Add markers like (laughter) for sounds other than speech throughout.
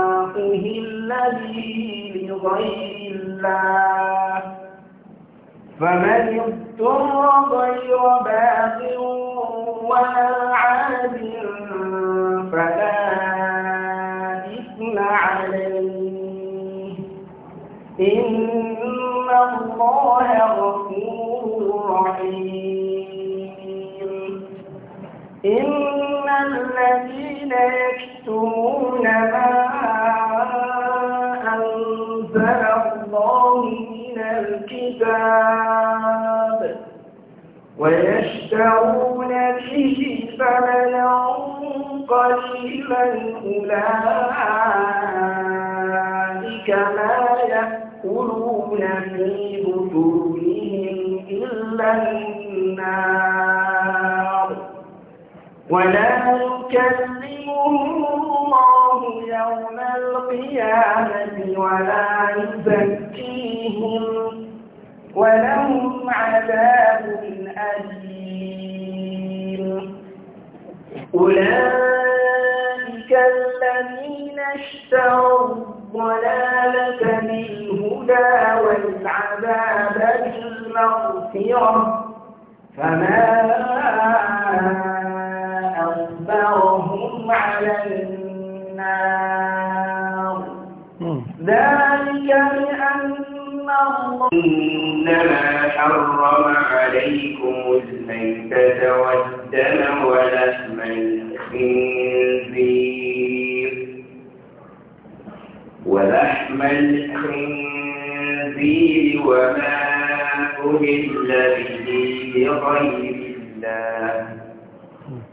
أهل به لغير الله فمن اضطر غير باق ولا عاد فلا إثم عليه إن الله غفور رحيم إن الذين يكتمون ما الكتاب ويشترون به ثمنا قليلا أولئك ما يأكلون في بطونهم إلا النار ولا يكلمهم الله يوم القيامة ولا يزكيهم ولهم عذاب أليم أولئك الذين اشتروا الضلالة بالهدى والعذاب بالمغفرة فما أصبرهم على النار ذلك بأن إنما حرم عليكم الميتة والدم ولحم الخنزير ولحم الخنزير وما أهل به لغير الله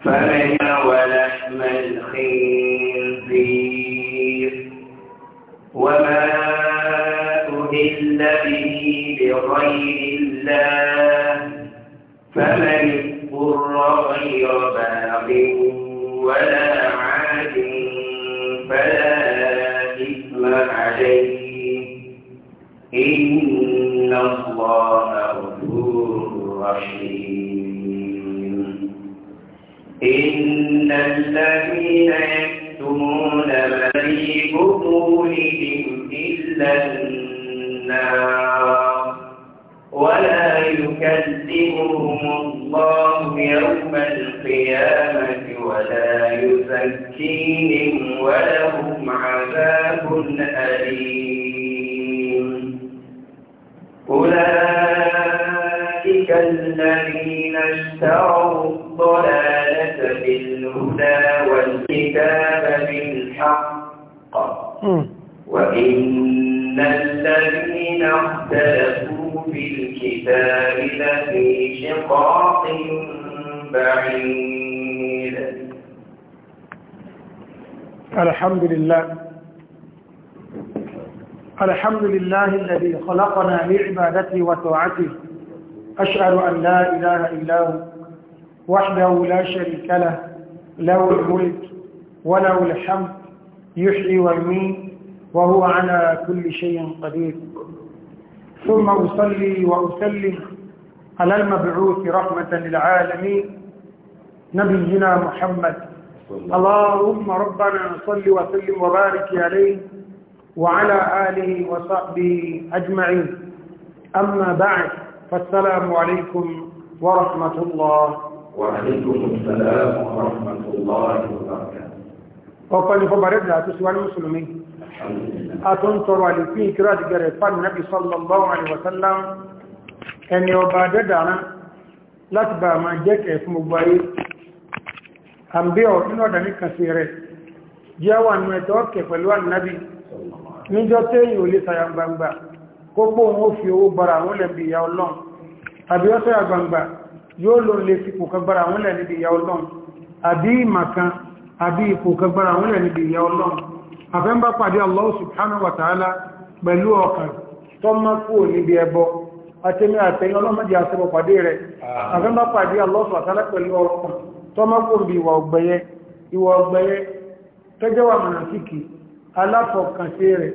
فمن ولحم الخنزير وما يستدل به بغير الله فمن اضطر غير باغ ولا عاد فلا إثم عليه إن الله غفور رحيم إن الذين تسكين ولهم عذاب أليم أولئك الذين اشتروا الضلالة بالهدى والكتاب بالحق وإن الذين اختلفوا في الكتاب لفي شقاق بعيد الحمد لله الحمد لله الذي خلقنا لعبادته وطاعته أشهد أن لا إله إلا هو وحده لا شريك له له الملك وله الحمد يحيي ويميت وهو على كل شيء قدير ثم أصلي وأسلم على المبعوث رحمة للعالمين نبينا محمد اللهم ربنا صل وسلم وبارك عليه وعلى آله وصحبه أجمعين أما بعد فالسلام عليكم ورحمة الله وعليكم السلام ورحمة الله وبركاته ọ̀pọ̀ ni fọbàrẹ́dà tó síwá ní musulmi a tó ń tọrọ àlèfin ìkírà ti gẹ̀rẹ̀ fàn náà bí sallallahu alaihi wasallam ẹni ọba dẹ́dàrán láti bá ma jẹ́kẹ̀ẹ́ fún gbogbo ayé àmbíọ̀ nínú ọ̀dà ní kàṣẹ rẹ̀ jẹ́ wà nù ẹ̀tọ́ ọ̀kẹ̀ pẹ̀lú ànábì níjọ́ tẹ́yìn ò lè sàyà gbangba kógbó wọn ó fi owó gbára àwọn lẹ̀ bí ìyá ọlọ́n àbí ọ́ sàyà gbangba yóò lò lè fi kò kagbára àwọn lẹ̀ níbi ìyá ọlọ́n àbí ìmàkan àbí ipò kagbára àwọn lẹ̀ níbi ìyá ọlọ́n wa ta'ala pẹ̀lú ọkàn tó mọ́ kúrò níbi ẹbọ àtẹ́mí àtẹ́yìn ọlọ́mọdé àṣẹ́bọ̀ pàdé rẹ̀ ta'ala pẹ̀lú tọ́mọ́kùnrin bí ìwà ọ̀gbẹ̀yẹ ìwà ọ̀gbẹ̀yẹ tọ́jọ́wà mọ̀nàfíkì aláfọ̀kànṣe rẹ̀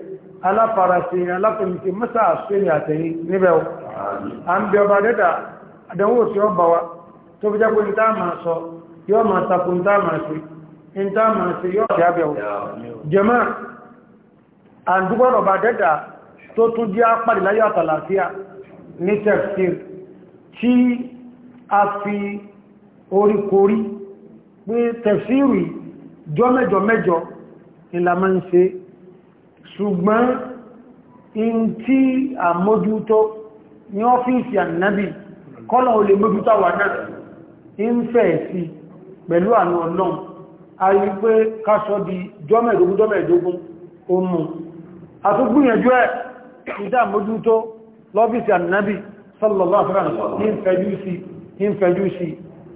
aláfarasẹ̀ aláfẹ̀mìṣẹ́ mọ́sá àṣírí àtẹ̀yìn níbẹ̀ ọ̀ a ń bí ọba dẹ́dà àdánwò tí ó bá wa tó fi jẹ́kùn ní táàmà sọ yóò máa takùn ní táàmà sí ní táàmà sí yóò jẹ́ abẹ̀ ọ̀ jẹ́mọ́ àdúgbọ́rọ̀ tún jẹ́ apàdé àtàlàfíà ní tẹ̀síl tí a fi oríkorí pé tẹ̀síìrì jọ mẹ́jọ mẹ́jọ ìlàmà ń ṣe ṣùgbọ́n in tí a mójútó ní ọ́fíìsì ànábì kọ́lọ̀ olè mójútó wà náà ń fẹ́ sí pẹ̀lú àánú ọlọ́run a rí pé káṣọ́ di jọ́mẹ̀dógún jọ́mẹ̀dógún ó mú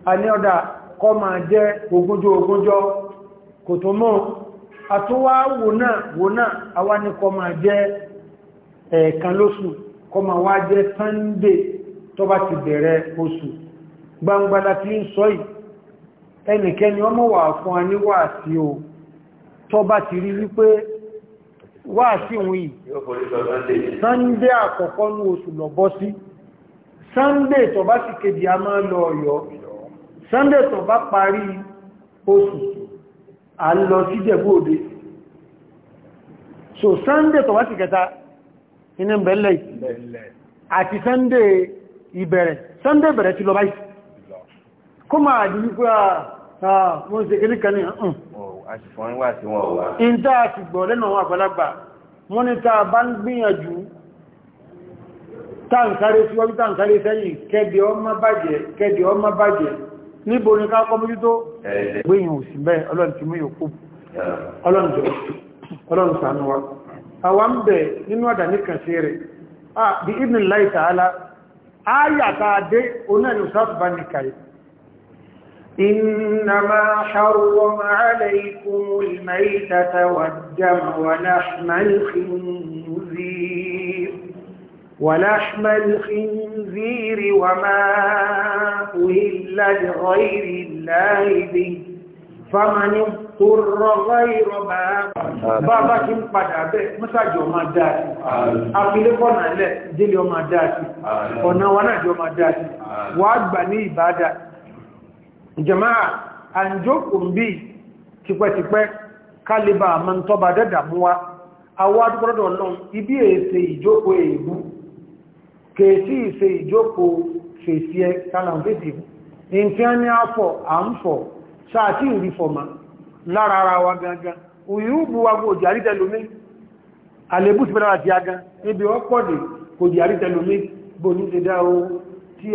a kọ ọ̀dà kọ́ máa jẹ́ ogúnjọ́ ogúnjọ́ kò tó mọ́ àtúwá wòná wòná àwa ní kọ ma jẹ́ ẹ̀ẹ̀kan lóṣù kọ́ máa wá jẹ́ sunday tó bá ti bẹ̀rẹ̀ oṣù gbangbala tí ń sọ yìí ẹnikẹ́ni ọmọ wà fún a ní wàásí o tó bá ti rí wípé wàásí òun yìí sunday àkọ́kọ́ ní oṣù lọ bọ́ sí sunday tó bá sì kejì a máa lọ ọ̀yọ́ sunday tó bá parí oṣù à lọ sí jẹ̀bú òde so sunday tó wá sí kẹta iná bẹ̀lẹ̀ àti sunday ìbẹ̀rẹ̀ sunday bẹ̀rẹ̀ ti lọ báyìí kó máa dì wípé wọ́n ṣe kéré kan ní ọ̀hún ìta àti gbọ̀ lẹ́nà àwọn àgbàlagbà wọ́n ní ta bá ń gbìyànjú táǹkáré síwájú táǹkáré sẹ́yìn kẹ́dẹ̀ ọmọ bàjẹ́ kẹ́dẹ̀ ọmọ bàjẹ́ níbo ní káàkọ́ mú tó gbéyìn òsì bẹ́ẹ̀ ọlọ́run ti mú yòókù ọlọ́run sànú wa àwọn ń bẹ̀ nínú àdà ní kàṣẹ rẹ̀ bí ibn láì tààlá áyàtà dé onáàlú sáfà ní kàrí إنما حرم عليكم الميتة والدم ولحم الخنزير ولحم الخنزير وما أهل لغير الله به فمن اضطر غير باغ bàbá kí ń padà bẹ́ẹ̀ mọ́sàájì ọmọ dáàtì àfilẹ́kọ̀ọ́nà ilẹ̀ délé ọmọ dáàtì ọ̀nà wa náà jẹ ọmọ dáàtì wà gbà ní ìbádà jama'a àjókùn bí tipẹ́tipẹ́ kálíbà àmọ́ tọ́bà dẹ́dàmúwa awádúgbọ́dọ̀ náà ibi èsè ìjókòó èébú kèsí ìse ìjókòó fèsí ẹ kálàmfèsì in tí a ní àfọ̀ àmfọ̀ sáàtí ìrìfọ̀mà lára ara wa gangan òyìnbù wa gbò jàrí tẹlómi àlébù ti pẹ́lára ti aga níbi ọpọ̀dé kò jàrí tẹlómi bó ní ti dá o tí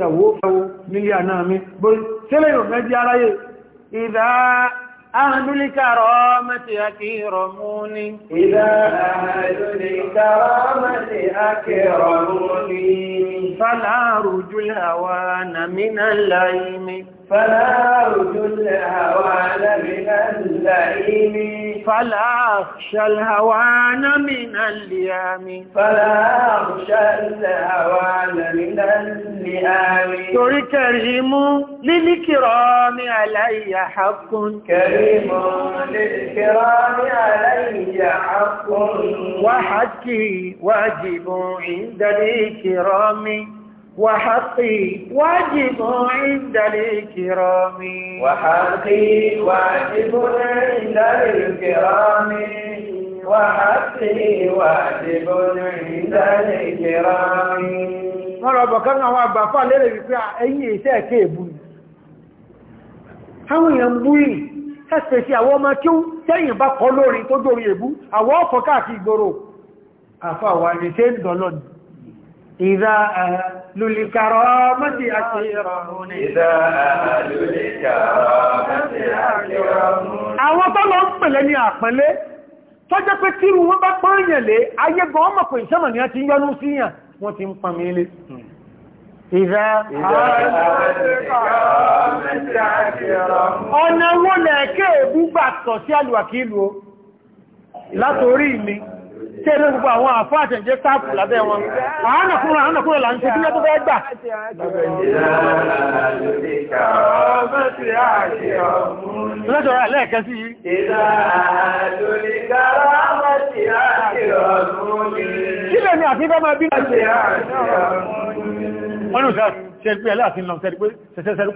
أهل الكرامة أكرموني إذا أهل الكرامة أكرموني فلا أرجو الهوان من اللئيم الهوان من اللئيم فلا أخشى الهوان من اللئام فلا أخشى الهوان من اللئام تر كريم للكرام علي حق كريم للكرام علي حق وحكي واجب عند الكرام وحقي واجب عند الإكرام وحقي واجب عند الإكرام وحقي واجب عند الإكرام wọ́n rọ àwọn àgbàfà lérè wípé ẹ̀yìn iṣẹ́ ẹ̀kẹ́ ìbú àwọn èèyàn bú sí ọmọ kí ó tẹ́yìn bá kọ lórí tó dórí àfà wà ní إذا أهل الكرامة أكرمون إذا أهل الكرامة أكرمون àwọn tó lọ ń pẹ̀lẹ̀ ní àpẹẹlẹ́ tó jẹ́ pé tí wọ́n bá pọ́nyẹ̀ lé ayé gan ọmọ pẹ̀ ìṣẹ́mọ̀ ni a ti ń yọnú sí yàn wọ́n ti ń pàmì ilé ìzá ọ̀nà wọ́n lẹ̀ẹ́kẹ́ èbúgbà tọ̀ sí alùwàkílù látorí mi tẹ́rẹ gbogbo àwọn àfáà tẹ̀jẹ́ táàpù lábẹ́ wọn àánàkúnrà àánàkúnrà là ń ṣe bílẹ̀ tó bẹ́ gbà lọ́jọ́rọ̀ ẹlẹ́ẹ̀kẹ́ sí kílẹ̀ ni àti bẹ́ máa bí wọ́n ní ìṣẹ́ ṣe pé ẹlẹ́ àti ìlànà ṣẹ́ṣẹ́ ṣẹ́ṣẹ́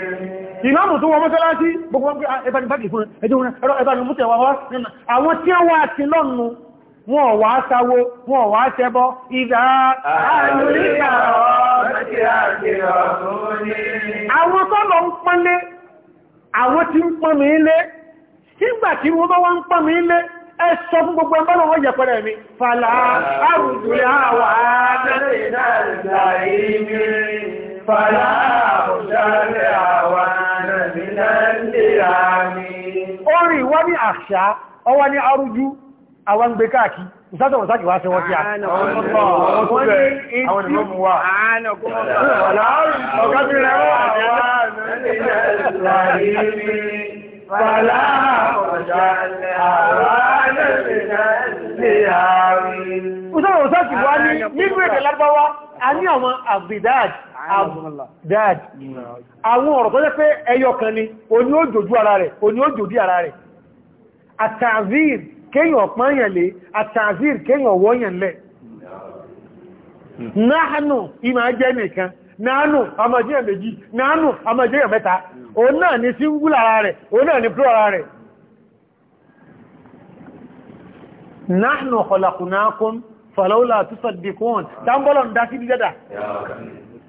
ìmáàmù tó wọ́n mọ́sálásí gbogbo wọn pé ah, ẹbani báàkì fún ẹjọ́ wọn ẹ̀rọ ẹbani mú tẹ̀wà wá nínú àwọn tí wọ́n àti lọ́nu wọn wà á sáwó wọn wà á tẹ́bọ́ ìdá àwọn tó lọ ń pánlé àwọn tí ń pán mi ilé nígbà tí wọ́n bá wọ́n ń pán mi ilé ẹ sọ fún gbogbo ẹgbẹ́ wọ́n yẹ̀pẹ̀rẹ̀ mi fàlà àrùjù Fàlá àmúṣálẹ̀ àwọn ànàmìlẹ̀ lèrà mi. Ó rí wọ́n ní àṣà, ọwọ́ ní arújú, àwọn gbé káàkì, ìsátọ̀ wọ́n sáàkì wá sí wọ́n kí a. Fàlá àmúṣálẹ̀ àwọn ànàmìlẹ̀ lèrà mi. Ìsátọ̀ sáàkì wá ní ní dad àwọn ọ̀rọ̀ tó jẹ́ pé ẹyọ kan ni oní ó jòjú ara rẹ̀ oní ó jòdí ara rẹ̀ àtàzír kéyàn pányàn lé àtàzír kéyàn wọ́yàn lẹ̀ náànù ìmá jẹ́ nìkan náànù àmàjíyàn méjì náànù àmàjíyàn mẹ́ta o náà ni singular ara rẹ̀ o náà ni plural ara rẹ̀ náànù khalaqnakum falawla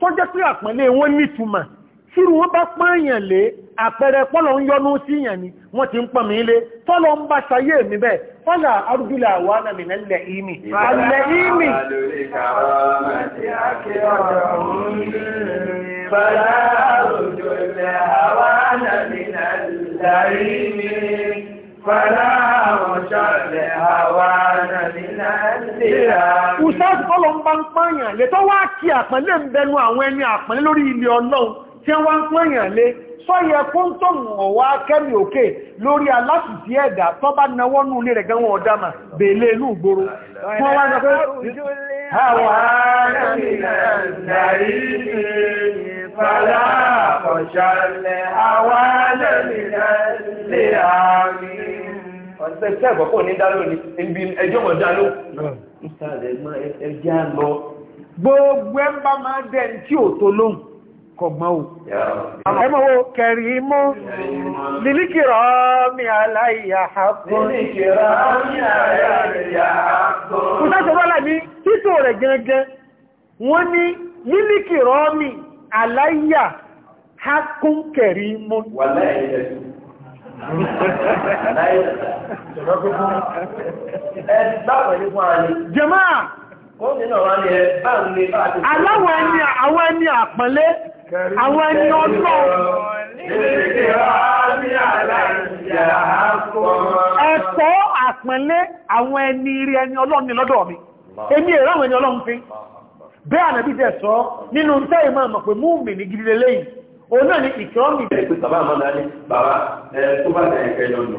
tó jẹ́ pé àpẹẹlẹ wọ́n nítumà sírù wọ́n bá pààyàn lé àpẹẹrẹ pọ́lọ̀ ń yọnú sí yàn ni wọ́n ti ń pọ̀ mí lé tọ́lọ ń bá ṣayé mi bẹ́ẹ̀ fọ́lá arúgbìlà wà àwọn ànàmìnà lárí Fàlá àwọn ṣọ́lẹ̀ àwà nàìjíríà nílá. Ustaz kọ́lọ̀ ń bá ń pààyàn lè tó wá kí àpẹẹlẹ ń bẹnu àwọn ẹni àpẹẹlẹ lórí ilẹ̀ ọlọ́run tí wọ́n ń pààyàn lé sọ́yẹ kóńtọ̀n ọ̀wá kẹ́mì òkè lórí alásìsí ẹ̀dà tó bá náwọ́ nù ní rẹ̀ gánwọ́ ọ̀dámà bèèlè inú ìgboro. Wọ́n wá jọ pé àwọn ará ọ̀sẹ̀ ẹ̀kọ́kọ́ ní dá lónìí ibi ẹjọ́ mọ̀ dá ló ìsàlẹ̀ mọ́ ẹjẹ́ à gbogbo ẹ bá máa dẹ̀ tí ò tó lóhùn kọ̀gbọ́n o. ẹ mọ̀ wo kẹrì mú lílíkìrọ̀ mi aláìyá àpò. lílíkìrọ̀ mi aláìyá àpò. kò sẹ́sọ̀ wọ́n ní títò rẹ̀ gẹ́gẹ́ wọ́n ní lílíkìrọ̀ mi aláìyá àkúnkẹrì mú. wàlẹ́ ìdẹ̀sùn. jẹ́máà aláwọ̀ ẹni àwọn ẹni àpẹẹlẹ́ àwọn ẹni ọjọ́ ẹ̀kọ́ àpẹẹlẹ́ àwọn ẹni rí ẹni ọlọ́ni lọ́dọ̀ mi èmi èrò àwọn ẹni ọlọ́run fi bẹ́ẹ̀ ànàbí jẹ́ sọ nínú tẹ́ ìmọ̀ àmọ̀ pé mú mi ní gidi òun náà ní ìkírọ́mì bàbá àmọ́ dání bàbá tó bá dẹ̀ ẹ̀kẹ́ lọ ah,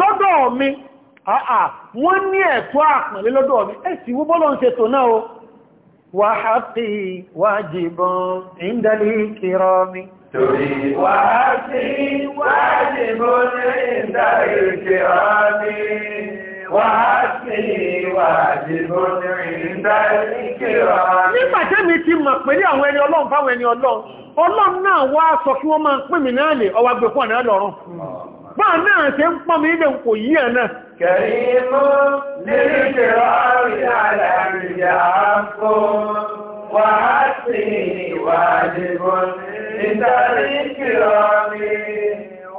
lọ́dọ̀ mi, ah, ah, wọ́n ní ẹ̀tọ́ àpọ́nlé lọ́dọ̀ mi, ẹ sì wú bọ́lọ́ ń ṣe tò náà o. Wà á fi wájìbọn ìndálé kírọ́ mi. Torí wà á fi wájìbọn ìndálé kírọ́ mi. Nígbà a ti mọ̀ pẹ̀lú àwọn ẹni ọlọ́run fáwọn ẹni ọlọ́run, ọlọ́run náà wá sọ kí wọ́n máa ń pín mi náà lè ọwà gbé fún ọ̀nà lọ́rùn. Bá náà ṣe ń pọ́n mi ilẹ̀ kò yí ẹ̀ náà.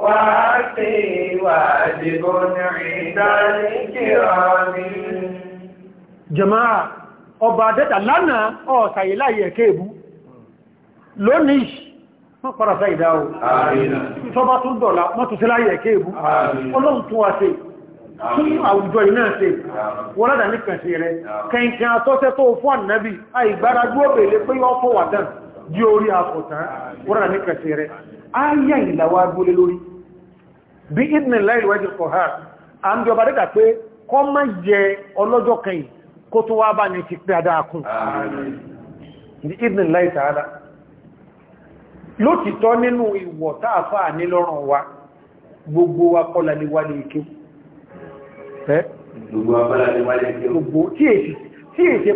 وعقي واجب عند الكرام جماعة ọba adẹ́ta lánàá ọ̀sàyè láyé ẹ̀kẹ́ ìbú lónìí wọ́n padà sáyé dá o tọ́bá tún dọ̀lá wọ́n tún sí láyé ẹ̀kẹ́ ìbú ọlọ́run tún wá sí tún àwùjọ iná sí wọ́n ládà ní kẹsì rẹ̀ kẹ̀kẹ́ àtọ́sẹ́ tó bí ìdìmẹ̀ láì wájú kọ̀ ha a ń jọba dẹ́kà pé kọ́ má yẹ ọlọ́jọ́ kẹyìn kó tó wá bá ní ti pé adáakùn ní ìdìmẹ̀ lótìtọ́ nínú ìwọ̀ táàfà ní lọ́rùn wa gbogbo wa ní wálé ikú tí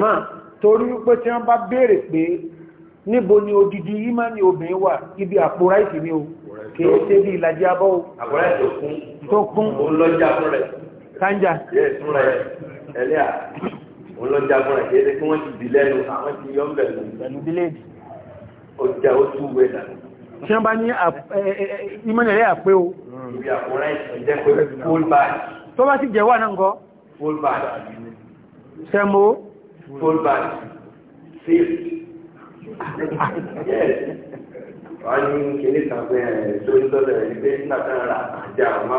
pa torí wípé tí wọ́n bá béèrè pé níbo ni odidi ìmánì obìnrin wà ibi àpò ráìsì ni o kìí ṣe bí ìlàjì abọ́ o àpò ráìsì tó kún olójà fún rẹ̀ kánjà ẹlẹ́à olójà fún rẹ̀ kìí ṣe kí wọ́n ti dì lẹ́nu àwọn ti yọ́ pẹ̀lú bíléèdì ọjà ó tún wẹ̀ dànù tí wọ́n bá ní ìmánì àpé o hmm. ibi àpò ráìsì jẹ́ pé full bag tó bá sì jẹ́ wà náà ń kọ́ full bag sẹ́mo fullback, fifth. yes. wọ́n ní kìíní kan pé ẹ̀ eh, tó ń tọ́lẹ̀ ẹ̀ pé nígbà tán ra àjà ọmọ.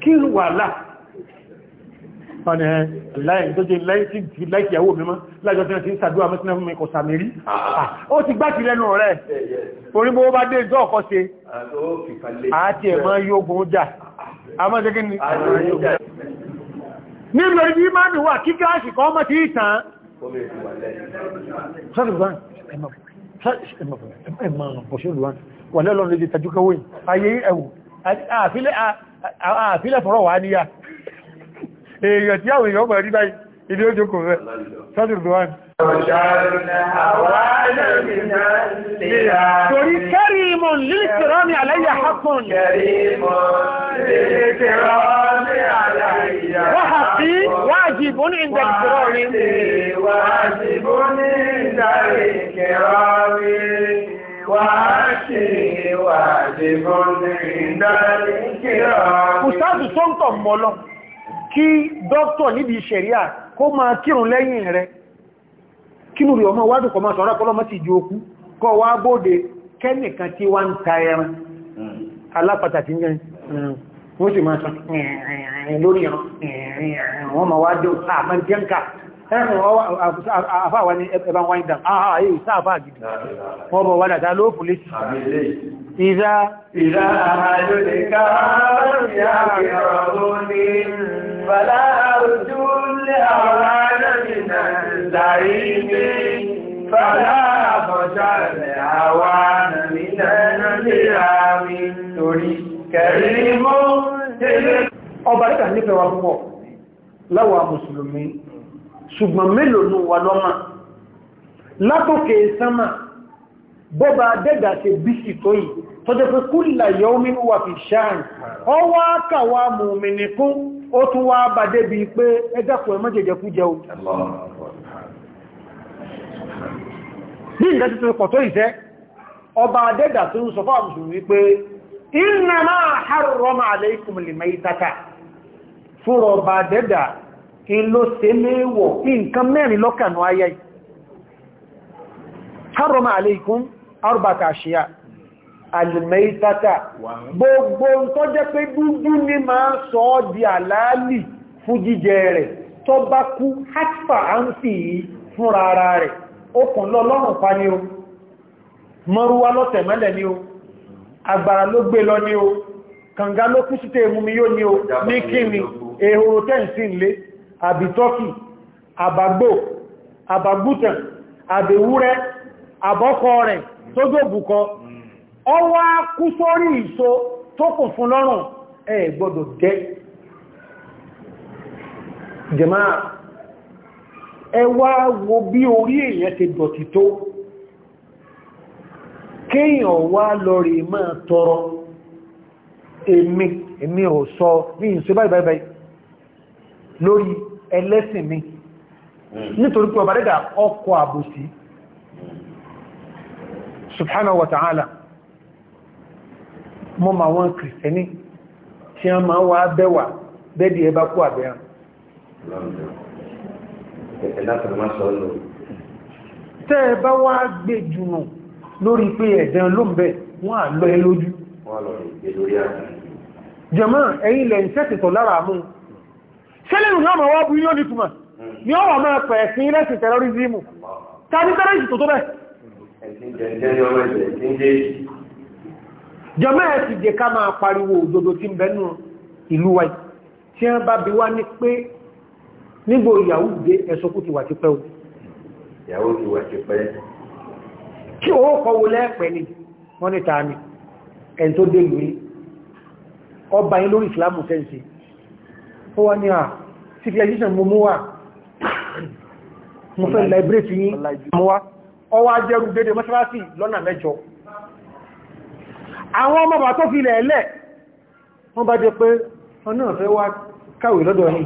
kí ló wà láà wọ́n ni eh, láì tó jẹ́ láì tí àwọ́ mi mọ́ láìjọ́ tí wọ́n ti ń sàdúwà mọ́ sí náà fún mi kò sàmì rí ah, ah. Ah, ó ti gbá ti lẹ́nu rẹ̀ orígbó bá dé ìjọ́ ọ̀kọ́ se àti ẹ̀mọ́ yóò gùn jà a mọ́ jẹ́ kí ni nínú ibi ìmánu wà kí gáàsì kan mọ́ sí ìtàn wọ̀lẹ́lọ́n lè tàjú kọwọ́ ayé ẹ̀wù àfílẹ̀ fọ́rọ̀ wà níyà èèyàn tí àwọn èèyàn mọ̀ rí báyìí ìdí ojú kò rẹ̀ sọ́dún duwan torí kẹrìmọ̀ lílìtìrọ́ ní àlẹ́yà hapun wáhà sí wájìbún ní ìdẹ̀kìrọ́ rí Kùsáàdù tó ń tọ̀ mọ́lọ kí dókítọ̀ níbi ìṣẹ̀ríà kó máa kírùn lẹ́yìn rẹ̀ kínú rí ọmọ wádùn kọ máa sọ́rọ̀ pọ́lọ́mọ́ ti jí okú kọ wá bóde kẹ́nìkan tí wá ń ta ẹran àfáà wá ní ẹbá wáyé dàm àà ní bàlá àrùjú lè àwọn alámìnà ìzàrí ní bàlá àbọ̀já lè àwọn alámìnà ìrà mi torí kẹrí mú ọba nígbà nífẹ̀ẹ́ wa púpọ̀ láwa ṣùgbọ́n mélòó ní wà lọ́mà látòkè sánmà bọ́bá dẹ́gà ṣe bíṣì tó yìí tó jẹ́ pé kú ìlàyọ́ mínú wà fi ṣáàn ọ wá kàwà mùmìnì kún ó tún wá bà débi pé ẹmọ́ jẹjẹ kú jẹ pọ̀ fúrọ̀ ìlò tẹ́léwọ̀ nǹkan mẹ́rin lọ́kànú ayá yìí haroma arbata ṣíyà alìmẹ́ítátà gbogbo tó jẹ́ pé gbogbo ní ma sọ ọ́ di àlàálì fún jíjẹ rẹ̀ tó bá kú a ń fi yìí fúnra ara rẹ̀ okùn lọ́lọ́rùn pa ni o mọ́rúwá lọ́tẹ̀ àbìtọ́kì àbàgbò àbàgbútàn àbèwúrẹ́ àbọ́kọ rẹ̀ tó jòbùkọ ọ wá kú sórí ìṣó tó kùn fún lọ́rùn ẹ gbọ́dọ̀ jẹ́ jẹ́máà ẹ wá wo bí orí èyẹ ti dọ̀tí tó kéèyàn wá lọ́rí máa tọrọ èmi èmi ò sọ ìṣẹ́ báyìí báyìí lórí ẹlẹ́sìn mi hmm. nítorí pé ọba dẹ́dà ọkọ̀ àbòsí subhanahu wa ta'ala mọ́ ma wọn kìrìsẹ́ní tí a máa wá bẹ́wà bẹ́ẹ̀dì ẹbá kú àbẹ́rán tẹ́ ẹ bá wá gbé jùnà lórí pé ẹ̀dẹ̀n ló ń bẹ̀ wọ́n à lọ ẹ jẹ́mọ́ ẹ̀yìn lẹ́yìn tẹ́sìtọ̀ lára mú kẹ́lẹ̀rù ní ọmọ wá bú yóò ní túnmà ní ọwọ́ máa pẹ̀ sí rẹ́sì tẹ́rọrìsìmù tàbí tẹ́rẹ̀sì tó tó bẹ́ jọmọ́ ẹ̀ ti jẹ ká máa pariwo òdodo tí ń bẹnu ìlú wa tí wọ́n bá bí wá ní pé nígbò ìyàwó dé ẹ̀sọ́kú ti wà ti pẹ́ ìyàwó ti wà ti pẹ́ kí ó kọwọ́ lẹ́ẹ̀pẹ́ ni wọ́n ní ta ni ẹ̀ tó dé civilization mo mú wà mo fẹ́ liberate yín mo wá ọwọ́ ajẹ́rù dédé mọ́ṣáláṣí lọ́nà mẹ́jọ àwọn ọmọ bà tó filẹ̀ ẹ̀lẹ́ wọ́n bá jẹ pé wọ́n náà fẹ́ wá káwé lọ́dọ̀ yìí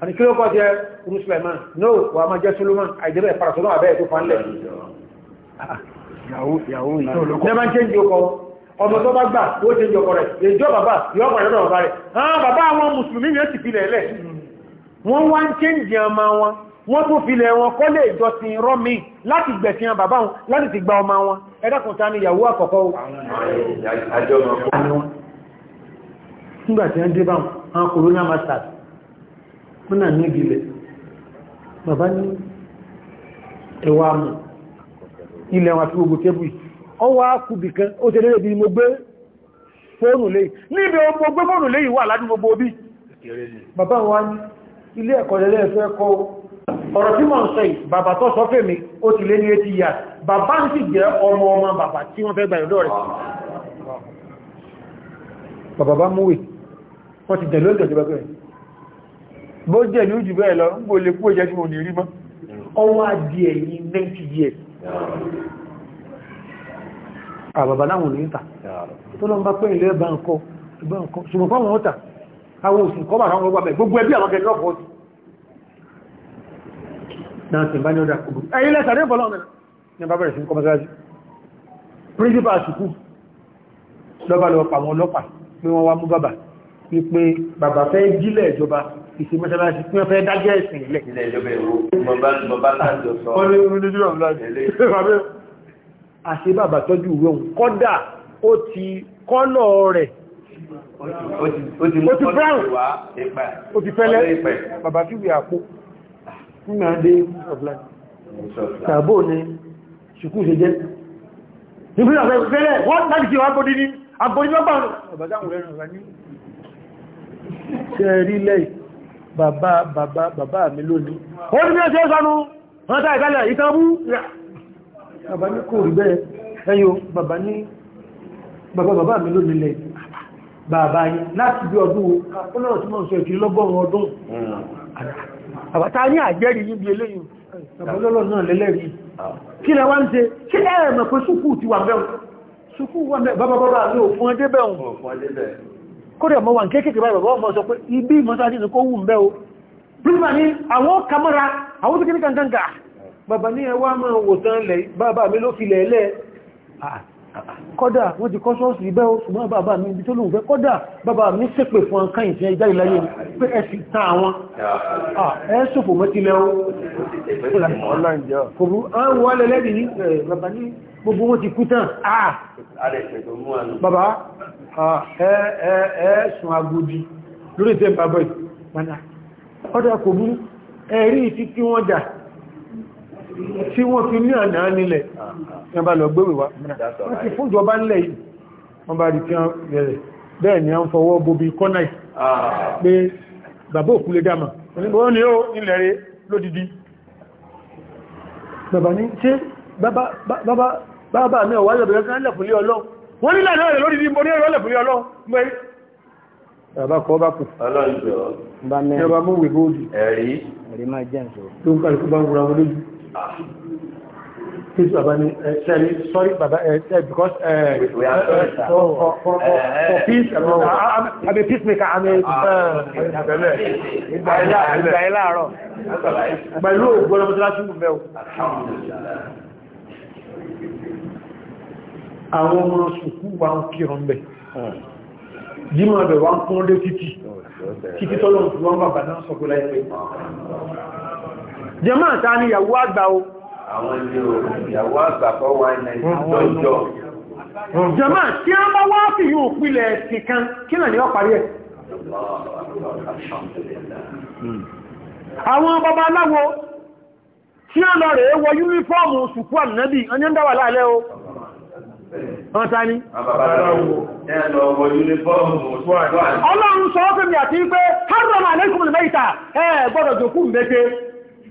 àti kí ló kọ́ jẹ́ Umu Suleiman no wà máa jẹ́ Suleiman àìjẹ́bẹ̀ farasọ́nà àbẹ́ tó fanlẹ̀ Never change your call ọmọ tó bá gbà ó change your correct ìjọ bàbá yọ́ pàdánà bàbá rẹ̀ wọ́n wá ń change ọmọ wọn wọ́n tó filẹ̀ wọn kọ́ lè jọsìn rọ́mí láti gbẹ̀sìn bàbá wọn láti ti gba ọmọ wọn ẹ̀dàkùn ta ni ìyàwó àkọ́kọ́ nígbàtí wọ́n dé bá wọn corona masters múnà ní ìbílẹ̀ bàbá ní ẹwà mọ̀ ilẹ̀ wọn àti gbogbo tébù ọwọ́ akùbì kan ó tẹ́lẹ̀ ibi mo gbé fóònù lẹ́yìn níbi ọmọ gbé fóònù lẹ́yìn wà ládùn gbogbo bí bàbá wọn ní ilé ẹ̀kọ́ lẹ́lẹ́ ẹ̀fẹ́ kọ́ ọ̀rọ̀ tí mọ̀ ń sọ bàbá tó sọ fèmí ó ti lé ní etí yà bàbá ń sì jẹ́ ọmọ ọmọ bàbá tí wọ́n fẹ́ gbà ìlọ́ rẹ̀ bàbá bá múwè wọ́n ti jẹ̀ lóòjẹ̀ jẹ́ bẹ́ẹ̀ bó jẹ́ ní ojú bẹ́ẹ̀ lọ ń gbò lè kú ẹ̀jẹ́ tí mo ní rí mọ́ ọwọ́ adì ẹ̀yìn 90 years àbàbà láwọn olè ń tà tó lọ ń bá àwọn òsìnkọ́ bà ọgbà bẹ̀ gbogbo ẹbí àwọn akẹ́lọ́pọ̀ Principal, náà tí bá ní ọdá kòbò ẹ̀yí lẹ́sàrí ìbọ̀lọ́nà ní bá bẹ̀rẹ̀ sí kọmọsáájú príncipà àsìkú lọ́bàlọ́pàá àwọn ọlọ́pàá pé wọ́n wá mú bàbá wípé bàbá fẹ́ jílẹ̀ ìjọba ìṣe mọ́sálásí pé wọ́n fẹ́ dájẹ́ ẹ̀sìn ilẹ̀ àṣẹ bàbá tọ́jú ìwé òun kọ́dà ó ti kọ́lọ̀ rẹ̀ ó ti brown ó ti fẹ́lẹ́ bàbá fíwẹ̀ àpò nígbà dé tàbó ní ṣùkú ṣe jẹ́ ìpínlẹ̀ ọ̀fẹ́ fẹ́rẹ̀ wọ́n láti kí wọ́n bọ́dí ní àbọ̀dí lọ́pàá ọ̀bàdáhùn rẹ̀ rẹ̀ ní ṣe rí lẹ́ bàbá bàbá bàbá mi lónìí ó ní bí ó ṣe wọ́n tá ìtàlẹ̀ ìtàbú bàbá ní kò rí bẹ́ẹ̀ ẹyọ bàbá ní bàbá bàbá mi lónìí lẹ́ bàbá yìí láti bí ọdún ọlọ́rọ̀ tí mọ́ àbátá ní àjẹ́rì yìí bí eléyìn ọ̀pọ̀lọ́lọ́ náà lẹ́lẹ́rìí kí lẹ wá ń ṣe kí ẹ̀ẹ̀mọ̀ pé sùkú ti wà bẹ́ẹ̀ sùkú wà bẹ́ẹ̀ bábábá ibi mọ́sáàdì ní kó wù ń bẹ́ o bíbà ní àwọn kamara àwọn tó kí ní kankanka bàbá ní ẹwà máa wòtán lẹ̀ kọ́dà wọ́n ti kọ́ ṣọ́ọ̀ṣì ibẹ́ ṣùgbọ́n bàbá mi ibi tó lóun fẹ́ kọ́dà bàbá mi ṣépè fún ọkàn ìsìn ẹjá ìláyé pé ẹ sì tán àwọn ẹ̀ẹ́sùfò mọ́tílẹ̀ ohun ọ̀dá kò bú ẹ̀rí ìfi tí wọ́n jà tí wọ́n fi ní àná nílẹ̀ ah, ah. wọ́n bá lọ gbéwè wá wọ́n ti fún ìjọba nílẹ̀ yìí wọ́n bá rí tí wọ́n rẹ̀ bẹ́ẹ̀ ni a ń fọwọ́ bobi kọ́nà ah. pé bàbá òkú lè dáma onígbọ́n ni ó nílẹ̀ rẹ̀ lódìdí bàbá ní ṣe bàbá mi ọ̀wà lọ́bẹ̀rẹ̀ kan lẹ̀kùnlé ọlọ́run wọ́n nílẹ̀ rẹ̀ lódìdí mo ní ọ̀rọ̀ lẹ̀kùnlé ọlọ́run bàbá kọ́ Please, Baba, eh, sorry, sorry, Baba, uh, because uh, we, we are uh, for, for, for, for peace, uh, I'm, I'm a peacemaker, I'm a ìgbàilá àárọ̀. Pẹ̀lú ògbọ́n ọmọdé láti mú mẹ́ o. Àwọn ọmọ sùkú wa ń kírun bẹ̀. Jímọ̀ bẹ̀ wá ń kún dé títì. Oh, Títí tọ́lọ̀ jẹmọ́ àta ni ìyàwó àgbà o jẹmọ́ tí a bá wá fi yóò pílẹ̀ kan kí àwọn bàbá aláwọ̀ tí a lọ rẹ̀ wọ yúnífọ́ọ̀mù sùkú ànàbì ọjọ́ ọlọ́run sọ ọ́fẹ́mì àti pé harrama alaykum al-mayta ẹ gbọ́dọ̀ jòkú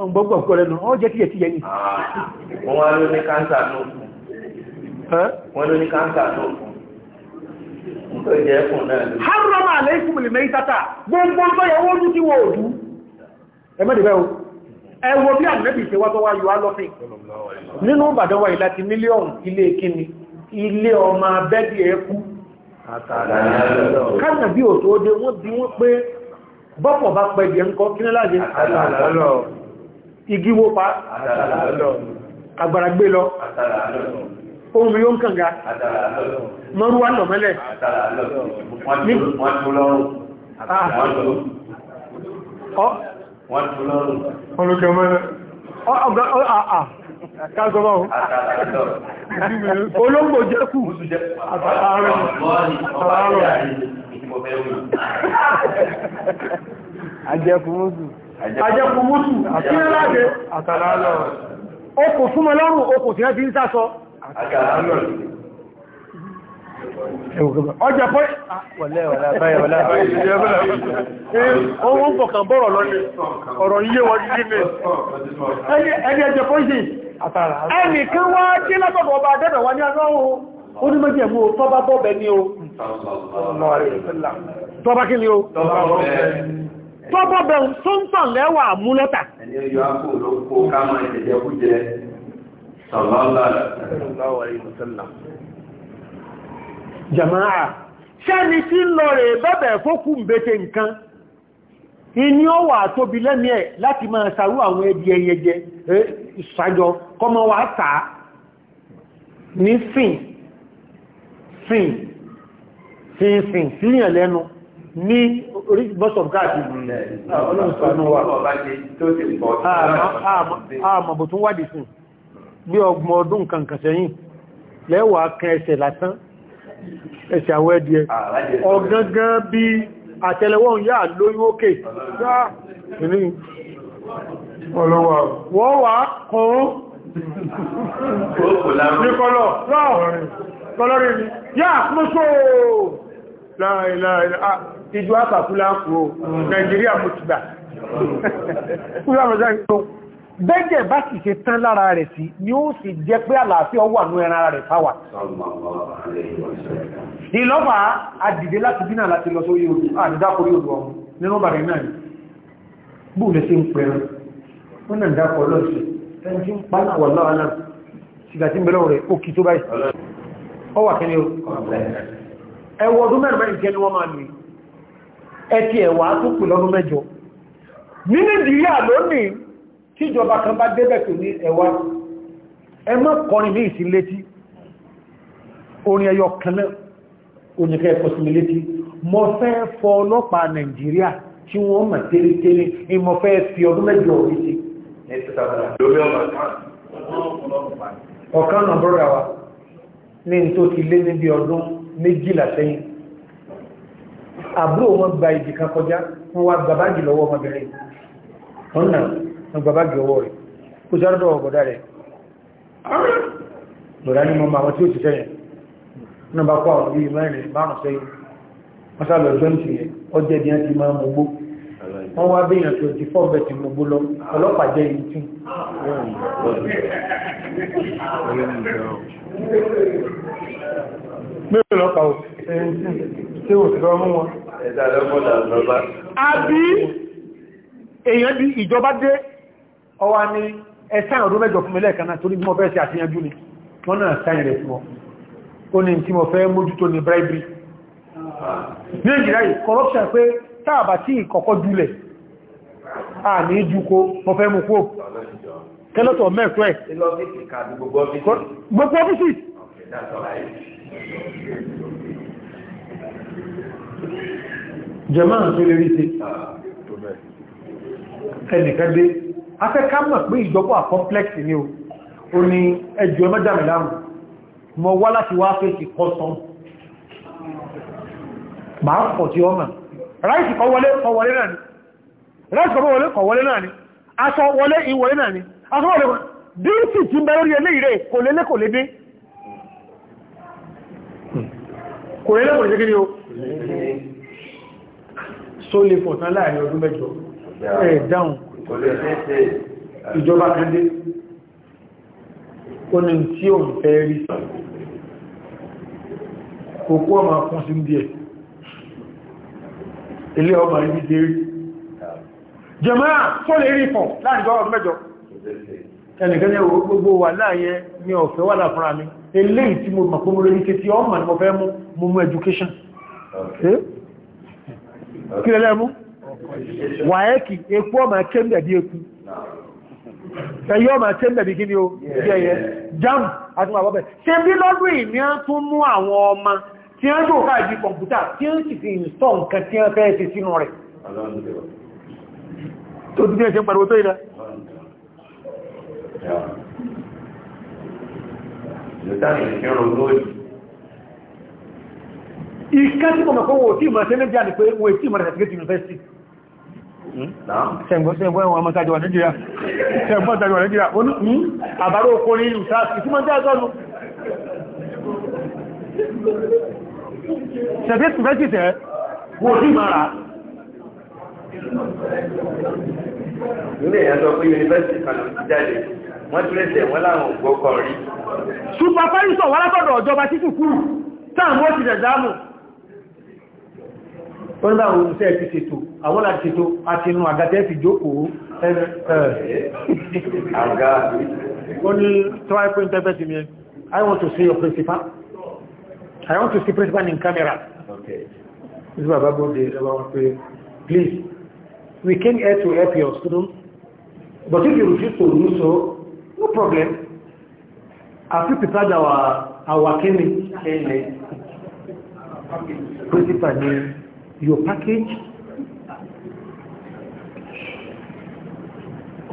ọ̀n gbọ́gbọ̀ kọ́ lẹ́nu ọ jẹ́ tí yẹ ah, ní. wọ́n ló ní káńsà wọ́n ló ní káńsà lókun nítorí jẹ́ ẹ̀kùn náà lókun. harrama aleikum lè gbọmgbọm tata ọdụ. ilé ọmọ ẹkú kánà bí òtò ó dé wọ́n bí wọ́n pé bọ́pọ̀ bá igi wó pa agbára gbé lọ ohun mi yóò ń kànga mọ́rú wà lọ̀mẹ́lẹ̀ Káàkọ́bọ̀ ohun. Olóngbò jẹ́kù. Àtàrà rẹ̀. Àjẹ́kù mọ́sù àjẹkù mútù kí ní láti àtàlálọ̀ okò fún ọlọ́rùn okò tí wọ́n ti ń sásọ àtàlálọ̀ ọjà pọ́ wọlé wọlé báyẹ̀ wọlé báyẹ̀ ọwọ́n kọ̀kan bọ́rọ̀ lọ́lẹ̀ ọ̀rọ̀ yíyẹ wọ́n jí mẹ́ ẹni ẹjẹ pọ́ sí ẹni kí wọ́n tí látọ̀bọ̀ ọba adẹ́bẹ̀ wá ní anáwó ó ní méjì ẹ̀mú tọ́bá bọ́bẹ̀ ní o tọ́bá kí ni o tọ́bọ̀ bẹ̀rún tó ń tàn lẹ́wà mú lọ́tà. ẹni yọ ápò ló kó ká máa ìdẹ̀jẹ́ kú jẹ sallallahu alaihi wasallam jama'a ṣẹ́ni tí ń lọ rẹ̀ bẹ́bẹ̀ kọmọ wà tàá ní fìn fìn fìn fìn síyàn lẹ́nu ní bọ́sọ̀m káàkiri mm, ah, ọlọ́run ah, ah, ọ̀gángan bí àtẹ́lẹwọ́ ìyá lórí òkè ọlọ́wọ́ wọ́n wà kọ́ ní kọlọ̀ lọ́rin yà mọ́sọ́ láìláìláà ìjú àpàkúlá kúrò Nàìjíríà mo ti gbà bẹ́jẹ̀ bá sì ṣe tán lára rẹ̀ sí ni ó sì jẹ́ pé àlàáfíà wà ní ẹran rẹ̀ fáwà ìlọ́pàá àdìdé láti dínà láti lọ sórí odò àdìdákorí odò ọmọ nínú bàrẹ̀ náà ni bú lẹ́ sí ń pẹ̀rẹ̀ wọ́n náà dákọ̀ ọlọ́sẹ̀ ẹni tí ń pa náà wà láwọ́ náà sìgá tí ń bẹ̀rẹ̀ rẹ̀ ó kí ẹ̀tì ẹ̀wà tó pè lọ́dún mẹ́jọ ní Nàìjíríà lónìí tíjọba kan bá débẹ̀ tó ní ẹ̀wà ẹ má kọrin ní ìsin létí orin ẹyọ kan náà oníkẹ́ mo fẹ́ fọ ọlọ́pàá Nàìjíríà tí wọ́n mọ̀ tẹ́lẹ̀tẹ́lẹ̀ ni mo fẹ́ fi ọdún mẹ́jọ wa ní ti lé níbi ọdún méjìlá sẹ́yìn àbúrò wọn gba ìdí kan kọjá wọn wá gbàbájì lọ́wọ́ ọmọbìnrin wọn náà wọn gbàbájì ọwọ́ rẹ̀ kó sáré ọ̀gọ̀dá rẹ̀ lọ́dá ní mọ́mọ́ àwọn tí ó ti sẹ́yìn náà bá kọ́ àwọn bíi mẹ́rin márùn sẹ́yìn wọ́n sálọ ọjọ́ ní ṣìyẹn ọjẹ́ bí ti lọ ọlọ́pàá wọn àbí èèyàn bí ìjọba dé ọwá ní ẹ̀sán ọdún mẹ́jọ fún mẹ́lẹ̀ kanáà torí mọ́ fẹ́ sí àṣíyànjú ni wọ́n náà sáyìn rẹ̀ fún ọ ó ní tí mọ́ fẹ́ mójútó ní bribery ní ìjìráyì corruption pé tààbà tí ìkọ̀kọ́ jùlẹ̀ à ní ìjúkó mọ́ fẹ́ mú kó kẹ́lọ́tọ̀ mẹ́ẹ̀kọ́ ẹ̀ gbogbo ọ́fíìsì jẹmọ́ tó lè rí sí ẹnìkan dé afẹ́ká mọ̀ pé ìjọpọ̀ àkọ́plẹ́ksì ni o ní ẹjọ́ mẹ́jàmìláàmù mọ̀ wá láti wá fẹ́ ti kọ́sán máa pọ̀ tí ọmọ ráìsì kọ wọlé kọwọlé náà ni ráìsì kọ wọlé kọwọlé náà ni aṣọ wọlé ìwọlé náà ni aṣọ wọlé díìsì tí bẹ lórí ẹlé ìrẹ́ kò lélé kò lédé kò lélé kò lé só lè fọ̀tán láàrin ọdún mẹ́jọ ẹ̀ dáhùn ìjọba kandé ó ní tí ó ń fẹ́ rí kòkó ọmọ fún sí díẹ̀ ilé ọmọ ibi dé rí jẹmọ́ só lè rí fọ̀ láàrin ìjọba ọdún mẹ́jọ ẹnìkan ní gbogbo wà láàyẹ ní ọ̀fẹ́ wà láàfúnra mi eléyìí tí mo mọ̀ pé mo lórí títí ọmọ ni mo fẹ́ mú mú education okay kí lẹ́lẹ́ mú wàyẹ́kì epo ọmọ ẹkẹ́ ń dẹ̀bí eku ẹ̀yọ́ ọmọ ẹkẹ́ ń dẹ̀bí kí ni o yẹ̀yẹ jam àti wà bọ́bẹ̀ ṣe bí lọ́dún ìní tún mú àwọn ọmọ tí wọ́n jò káàdì kọ̀mpútà tí wọ́n sì fi ìstọ̀ nǹkan tí wọ́n fẹ́ ṣe sínú rẹ̀ tó ti bí ẹ̀ṣẹ́ Yeah ìkẹ́ tí mọ̀mọ̀ fún òtí ìmọ̀ ṣe méjì àti pé wọ́n ètí ìmọ̀ certificate university hmm? ṣẹ̀gbọ́n ẹwọ̀n ọmọ tajọwà Nigeria ṣẹ̀gbọ́n tajọwà Nigeria ó ní hmm? àbárò okòrin ìsáàsì tí mọ́ jẹ́ ọgọ́nu certificate university tẹ́ wọ́n òtí ìmọ̀ rà nílé èèyàn sọ pé university kan ló ti jáde wọ́n tún lẹ́sẹ̀ wọ́n láwọn ògbókọ̀ rí supervisor wọ́n látọ̀dọ̀ ọjọba títù kúrù táàmù ó ti dẹ̀dáàmù tó ní àwọn oúnjẹ ti ṣètò àwọn láti ṣètò àti inú àgàtẹ́ fi jókòó ẹ̀rẹ̀ I want to see your principal. I want to see principal in camera. Okay. please, we came here to help your students, but if you refuse to do so, no problem. Have prepared our our clinic? Principal name your package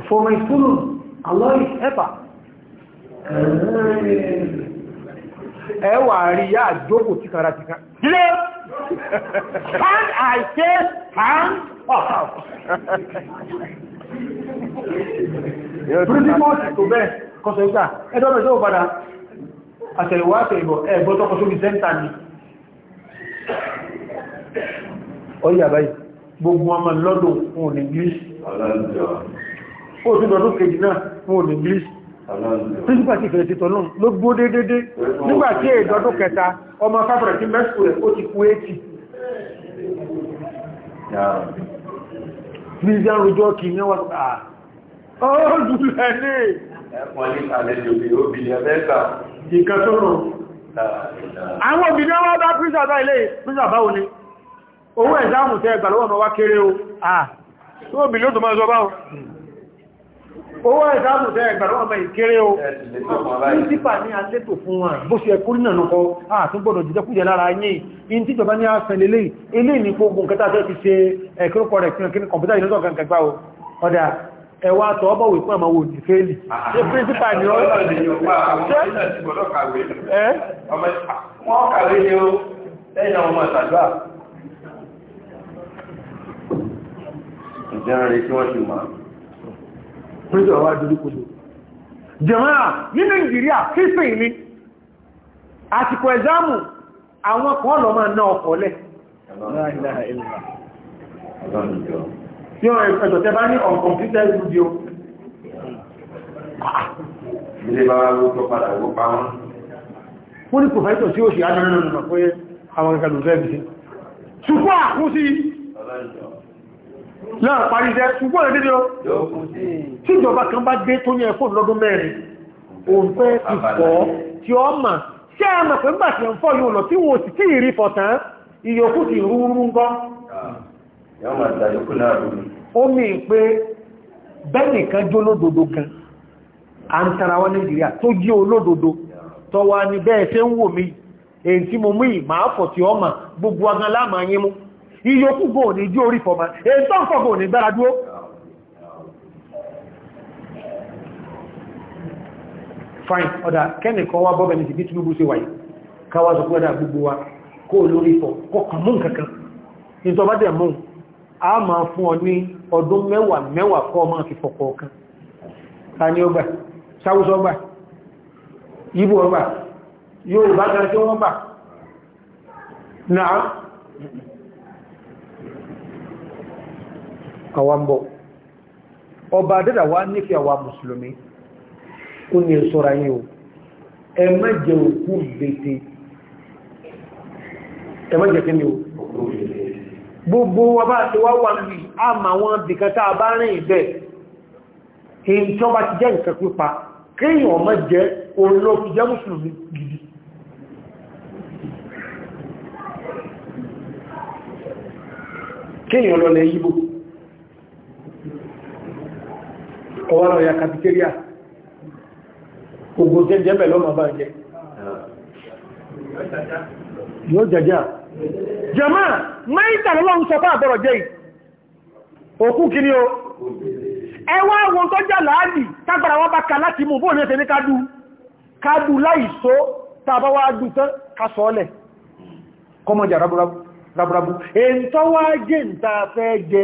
for my full Allah is ever. Eh, ẹ wà rí yá àjókò tí kàrà tí kàrà. Dílé! Hand I say hand up. Prínsípọ̀tì tó bẹ́ẹ̀ kọsọ̀ ìgbà, ẹjọ́ mẹ́jọ́ padà àtẹ̀wà àtẹ̀wà ẹ̀gbọ́tọ́kọ́ sórí sẹ́ntà ni ọ̀yà báyìí gbogbo ọmọ lọ́dún fún òní english ó tún lọ́dún kejì náà fún òní english nígbà tí ìfẹ̀rẹ̀ títọ̀ náà ló gbó dédédé nígbà tí èdọ́dún kẹta ọmọ fáfẹ̀rẹ̀ tí mẹ́sùkú rẹ̀ ó ti kú 80 ní ìyá rojọ́ kì ní wọ́n ó jùlẹ̀ ní ẹ̀kùn ní àlejò obìnrin mẹ́ta ìkẹtọ́rùn-ún àwọn obìnrin wọ́n bá owó ẹ̀sáàmù tẹ́ ẹgbàlọ́wọ́ ma wá kéré o ah tó bí ló tó máa sọ báwọn owó ẹ̀sáàmù tẹ́ ẹgbàlọ́wọ́ ma ìkéré o pínísípà ní alétò fún wa bó ṣe ẹkú nínà nùkọ àtún gbọ́dọ̀ jìdẹ́kújẹ lára yìí ti o ẹwà tọ́ ọbọ̀ wípé ọmọ fẹ́lì ṣe ní jẹ́rẹ̀ tí wọ́n ṣe mọ̀ pẹ́jọ wá dorí kodo jẹ̀mọ́ra ní Nàìjíríà fífẹ́ ìní àsìkò ẹ̀zámù àwọn kan lọ máa ná ọkọ̀ lẹ̀ tí wọ́n ẹ̀jọ̀ tẹ́ bá ní ọ̀kọ̀mpútẹ́ ìrúdíò ilé bá wó tó padà wó pa wọn wọ́n ní pòfẹ́tọ̀ tí ó ṣe adánánà pé àwọn ìkàlù fẹ́ bí ṣùgbọ́n àkúsí náà parí jẹ́ ṣùgbọ́n ẹ̀dẹ́ lọ tí ìjọba kan bá dé tó ní ẹ̀fọ́ lọ́dún mẹ́rin òun fẹ́ ti fọ́ tí ọ mà ṣé ẹ mọ̀ pé ń bà tí ń fọ́ yóò lọ tí wọ́n sì tí ìrí fọ̀tán ìyókù ti rúrú ń gọ́ omi pé bẹ́nìkan jó lódodo kan à ń tara èyí tí mo mú ìmáàfọ̀ tí ọ mà gbogbo agan láàmà yín mú ìyókù bò ní jú orí fọ́mà èyí tó ń bò ní gbára dúó fine ọ̀dá wá bọ́bẹ̀ ní wáyé káwà sọ gbogbo wa kó lórí kọkàn mún kankan ìjọba dẹ̀ mún a máa fún ọ ní ọdún mẹ́wàá mẹ́wàá kọ́ àwambọ̀ ọba dẹ́dà wá nífẹ́ àwa mùsùlùmí ó ní ṣọ́ra yín o ẹ má jẹ òkú bètè ẹ má jẹ kí ni o gbogbo wa bá ti wá wà ní àmà wọn bìkan tá a bá rìn ìbẹ̀ èyí tí wọ́n bá ti jẹ́ nǹkan pípa kéèyàn má jẹ olóòkú jẹ́ mùsùlùmí gidi kéèyàn lọ lẹ ọwọ́ lọ ya kàtíkẹ́ríà gbogbo tẹ́ jẹ́bẹ̀ lọ́mọ bá jẹ́ yóò jẹjá jẹmá mẹ́ta lọ́wọ́ ń sọpá àbọ̀rọ̀ jẹ́ òkú kí ni o ẹwà wọn tó jà láàdì tágbàrà wọn bá ka láti mú bóòlù ẹ̀tẹ́ ní kádù kádù láìsó tàbá wá dù tán kásọ̀ọ́lẹ̀ kọmọjà raburabu èyí tó wá jẹ́ ìta fẹ́ jẹ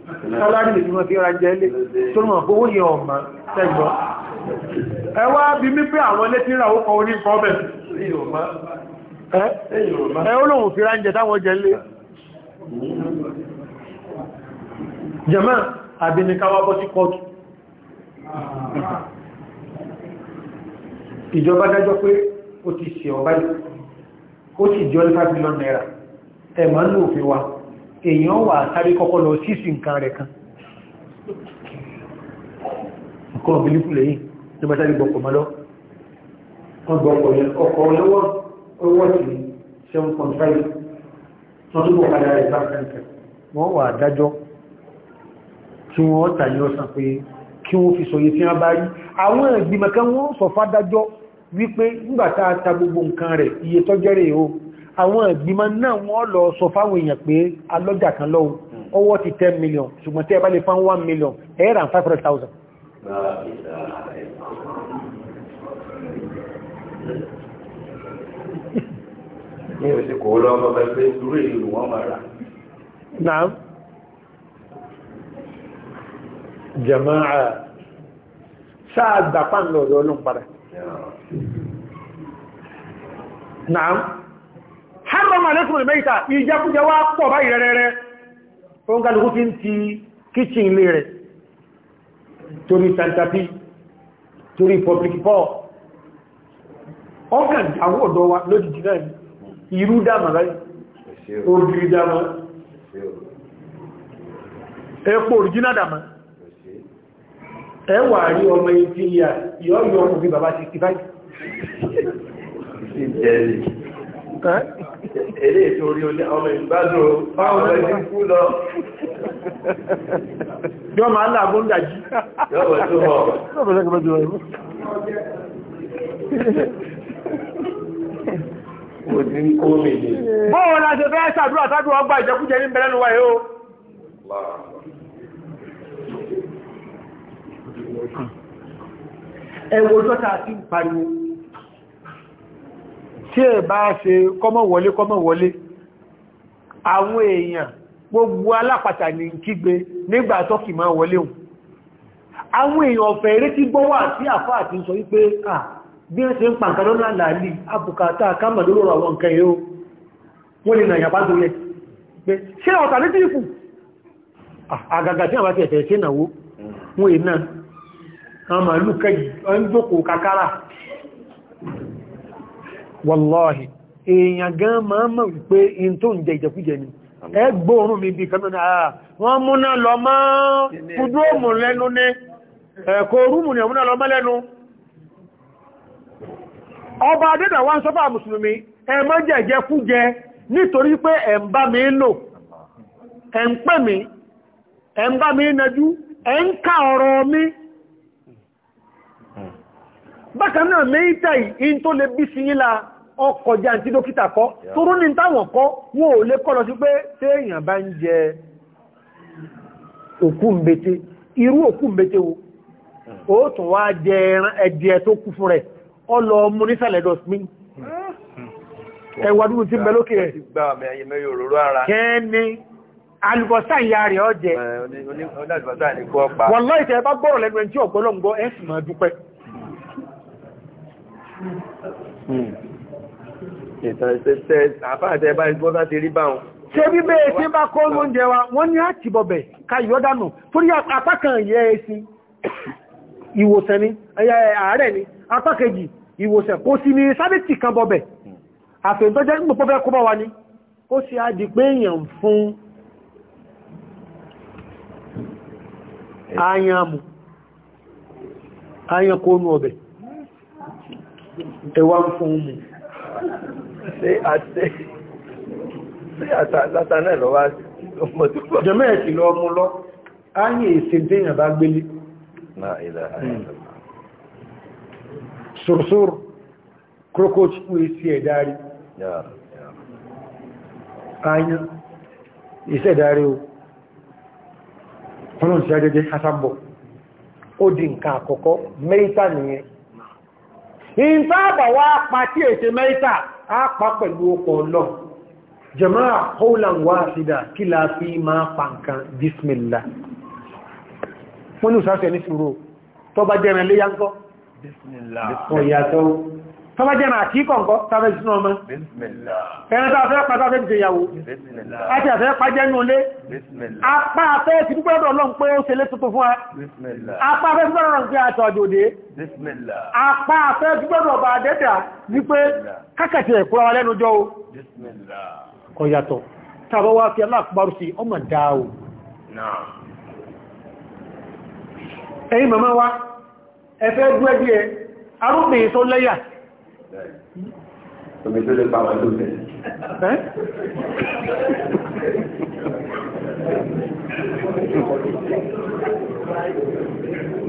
sálárì lè fíwọ́n fi ra jẹ́ ilé tó mọ̀ owó yẹ ọ̀mà tẹ́gbọ́ ẹ wá bí mi pé àwọn ilé tí ń ra ó kọ orí nǹkan ọbẹ̀ ẹ ó lóun fi ra ń jẹ táwọn jẹ ilé jẹ̀mọ́ àbínikawa bọ́ sí kọ́ọ̀tù ìjọba dájọ́ pé ó ti ṣe ọ̀bá ó sì jọ ní 5 million naira ẹ̀mọ́ ní òfin wa èèyàn wà sáré kọ́kọ́ lọ sísì nǹkan rẹ̀ kan nǹkan ọ̀bìlíkù lẹ́yìn tó bá sáré gbọ́kọ̀ mọ́lọ́ wọ́n gbọ́kọ̀ yẹn ọkọ̀ lọ́wọ́ owó sí 7.5 wọ́n túbọ̀ padà rẹ̀ bá kẹ́kẹ́ wọ́n wà dájọ́ tí wọ́n tàyí ọ̀sán pé kí wọ́n fi sọye tí wọ́n bá rí àwọn ìgbìmọ̀ kan wọ́n sọ fádájọ́ wípé nígbàtà ta gbogbo nǹkan rẹ̀ iye tọ́jẹ́rẹ̀ o àwọn ìgbìmọ̀ náà wọ́n lọ sọ fáwọn èèyàn pé alọ́jà kan lọ́wọ́ ọwọ́ ti 10 million ṣùgbọ́n tí ẹ bá lè fán 1 million ẹ̀ẹ́rà 500,000 ní òsì kò lọ́wọ́ pẹ̀lú irú ìlú wọ́n náà jama'a sáà gbà pàǹdọ̀ ọ̀dọ́ ọlọ́mpadà náà harama lẹ́kùnrin mẹ́ta ìjẹkújẹ wá pọ̀ báyìí rẹ̀rẹ̀rẹ̀ ó ń kálukú fi ń ti kíchìn ilé rẹ̀ torí santapi torí public paul ọkàn àwọn ọ̀dọ́ wa lójijì náà irú dáma báyìí obìnrin dáma epo original dáma ẹwà rí ọmọ ìfí ìyà yọ́ yọ́ ọkùnrin bàbá 65 Èlé ètò orí ọmọ ìgbádùn ọmọ ẹni kú lọ. Yọ́ máa ń làbó ń dàjí. bọ̀ tó bọ̀. Yọ́ la ṣe fẹ́ ṣàdúrà tí è bá ṣe kọ́mọ̀wọlé kọ́mọ̀wọlé àwọn èèyàn gbogbo alápàtà ní kígbe nígbà tọ́kì máa wọlé hùn àwọn èèyàn ọ̀fẹ́ eré tí gbọ́wà sí àfá àti sọ wípé à bí ẹ́ ṣe ń pàǹkàdọ́nà làálì àbùkátà kámàdólórò wàláhì èèyàn gan máa wípé in tó ń jẹ ìjẹkújẹ ni ẹgbò mi bí kanáà àà wọ́n múná lọ mọ́ lẹ́nu ní ẹ̀kọ́ orúmù ni ọmúná lọ mọ́ lẹ́nu ọba adẹ́dà wá ń sọ́fà mùsùlùmí jẹ ọkọjá tí dókítà kọ́ torú ní táwọn kọ́ wọ́n ò lè kọ́ lọ sí pé téèyàn bá ń jẹ òkú irú òkú wo hmm. ó tún wá jẹ ẹ̀dìẹ̀ tó kú fún rẹ̀ ọlọ mú nísàlẹ̀ dọ̀smín ẹwà dúdú tí bẹ lókè rẹ̀ kẹ́ni alùbọ̀sá ìyá rẹ̀ eh, ọjẹ́ wọ́n ìtàn ìṣẹ́ àfáàtẹ́ bá ìgbọ́ta ti rí báwọn ṣe bí bẹ́ẹ̀ tí bá kọ́ oúnjẹ wa wọ́n ní àti bọ̀bẹ̀ ká yọ́dánù torí apákan yẹ ẹsìn ìwòsàn ni ààrẹ ni apákejì ìwòsàn kò sí ní sábẹ́tì kan bọ̀bẹ̀ àfẹ́ntọ́jẹ́ gbogbo kọ́ bá wa ni ó sì á di pé èèyàn fún àyàmù àyànkónú ọbẹ̀ ẹwà ń fún mú ṣé àtẹ lọ wá lọ ọmọ lọ ayé èsè déyàn bá gbélé. sòròsòrò kórókòtì èsì ẹ̀ dárí. ayán ìṣẹ́ o ó di àkọ́kọ́ mẹ́ta nìyẹn pàtí mẹ́ta á pa pẹ̀lú ọkọ̀ lọ jẹ̀mọ́ àkọ́ọ̀làn wá àfidà kí la fi máa pa nǹkan wọ́n ni ìsáṣẹ́ ní ṣúró tó bá jẹ́rẹ̀ léyánkọ́ bísmìlá tọ́bá jẹ́ máa kí kọ̀ǹkọ́ tàbí sínú ọmọ ẹ̀rẹ́ta afẹ́ pàtà afẹ́ ìjẹ ìyàwó àti afẹ́ pàjẹ́ ní olé apá afẹ́ ti púpọ̀ ọ̀dọ̀ ọlọ́run pé ó se lé tuntun fún wa apá afẹ́ púpọ̀ ọ̀dọ̀ pé àtọ̀ òjòdé apá afẹ́ púpọ̀ ọ̀dọ̀ bá dẹ́dà wípé kákàtì ẹ̀kúra wa lẹ́nu jọ o ọ̀yàtọ̀ tàbá wá fi aláàkúbárù sí ọmọ dá o ẹ̀yin màmá wa ẹ̀fẹ́ dú ẹgbẹ́ arúgbìn tó lẹ́yà Omi tó lè pa wọn ló tẹ̀.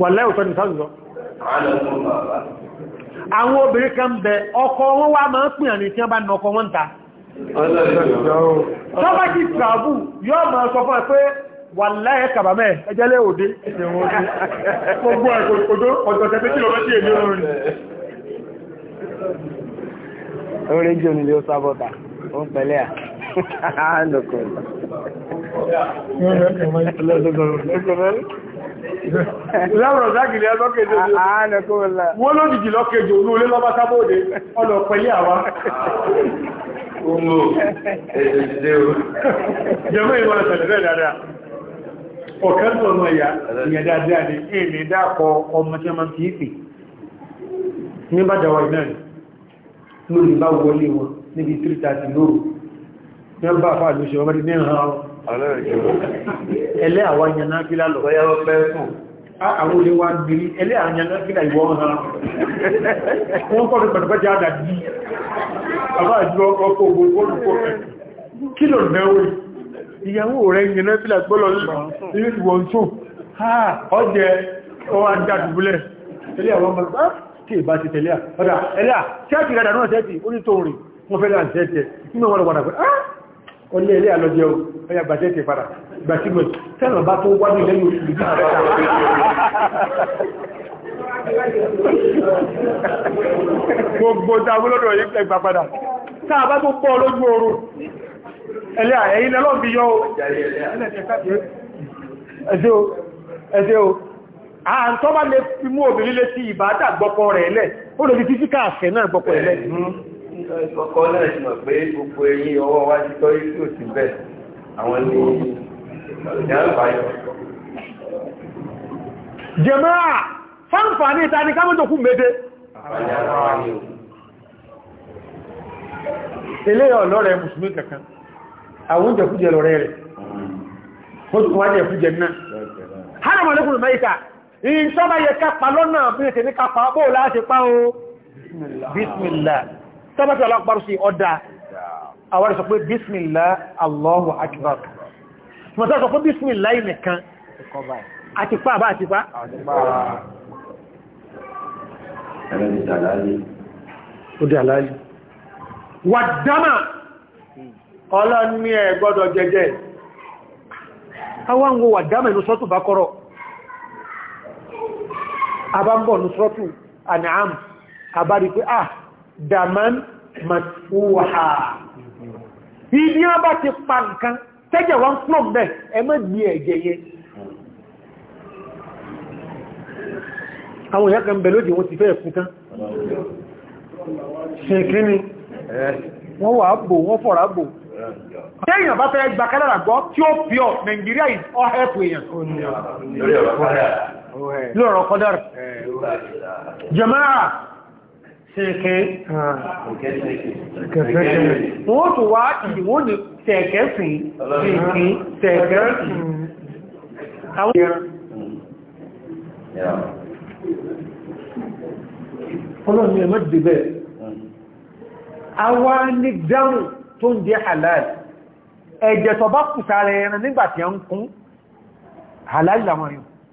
Wà láì òtọ́ ní sáàzùzọ́. Àwọn obìnrin kan bẹ ọkọ wọn wá máa ń pìyàn ní tí wọ́n bá nà ọkọ wọn ta. Tọ́bá ti tàbù yóò máa sọ fún ẹ pé wà láyé kàbàmẹ́ ẹjẹ́lẹ́ òde. Gbogbo ẹ̀kọ́ òjò ọjọ́ tẹ́bí kìlọ́mẹ́tì èdè orí jò nílé ó sábọ́ta ó ń pẹ̀lẹ́ à lọ́kọ̀ ìlàwọ̀n ọ̀dágìlẹ̀ ọlọ́kẹjọ wọ́n lójìjì lọ́kẹjọ olú olé lọ́bá sábóòdé ọlọ̀ pẹ̀lẹ́ àwá ohun ẹ̀ẹ́dẹ̀ o jẹ́mọ́ ìwọ̀n ìṣẹ̀lẹ̀ dáadáa ọ̀kan tó ọmọ ìyá ìyẹn dáadáa ni èèlè dákọ̀ ọmọ tí wọ́n fi ń pè ní bá dáwà ìnáà ló lè bá wọlé wọn níbi 3:30 lóòrù ní ọba àfà ló ṣe ọmọdé ní ọ̀hán ẹlẹ́ àwọn yanáfílà lọ àwọn olè wá gbìrí ẹlẹ́ àwọn yanáfílà ìwọ̀ ọ̀hán wọ́n kọ́ pẹ̀lúpẹ̀lú àdà bí àbá àjọ ọkọ̀ ògbòkó kílò náwó ìyàwó rẹ̀ yanáfílà ah! gbọ́lọ̀ ní ìwọ̀n tó tí ìbá ti tẹ̀lé ọ̀dá ẹlẹ́à ṣẹ́ẹ̀tì rẹ̀ dànù ṣẹ́ẹ̀tì onítòrin wọ́n fẹ́ ah! láti ṣẹ́ẹ̀tì inú wọn wọ́n pẹ̀lú ọlẹ́ ẹlẹ́à lọ jẹ́ ọya gbà ṣẹ́ẹ̀tì padà gbà sí mọ̀ sẹ́nà bá tó wájú àǹtọ́ ah, bá lè fi mú obìnrin lé sí ìbádà gbọ́kọ rẹ̀ lẹ̀ ó lè fi títí káàfẹ́ náà gbọ́kọ rẹ̀ lẹ̀. Hmm. ìkọ̀kọ́ náà ti mọ̀ pé gbogbo eyín ọwọ́ wá sí tọ́ yìí kò sí bẹ́ẹ̀ àwọn ní ọ̀dà àbáyọ. jẹ̀mọ́ra fáǹfààní ìta ni kámọ́tò kú méde. eléyà ọlọ́rẹ̀ mùsùlùmí kankan àwọn oúnjẹ kújẹ lọ́rẹ́ rẹ̀ kó hmm. tún wájẹ ìṣọ́bà yẹ kápa lọ́nà bí i tèmi kápa bóò láti pa o bísmìlá tọ́bàtí aláàpàá sí ọdá àwọn ìsọ pé bísmìlá Allahu akbar mọ̀tá sọ fún bísmìlá ìmẹ̀kan àti pa àbá àti pa wàdámà ọlọ́ni ẹ̀ gbọ́dọ̀ jẹjẹ àwọn àwọn wàdámà ìlú sọ́tù bá kọ́rọ̀ Abambo nùsọ́tù àníàm àbárí pé ah daman matuwaha ibi wọ́n bá ti pa nǹkan tẹ́jẹ̀ wọ́n pọ̀ mẹ́ ẹmọ́ gbí ẹ̀jẹ̀ yẹ àwọn ìyá kan belo lóde wọ́n ti fẹ́ ẹ̀kú tán ṣìnkíní wọ́n wà bò wọ́n fọ̀rà bò tẹ́yìn bá fẹ́ gbà kádàrà gbọ́ tí ó pure Nigeria is all help èèyàn lọ́rọ̀ kọ́dọ̀rù jama'a sẹ̀kẹ́ wọ́n tó wá ìdíwó ní sẹ̀kẹ́ sí sẹ̀kẹ́ sí àwọn ọlọ́ni ẹ̀mọ́ dìbẹ̀ àwọn mm. ní dáhùn tó ń jẹ́ halal ẹ̀jẹ̀ tọba kùsà rẹ̀ ẹran nígbàtí a ń kún halal làwọn yìí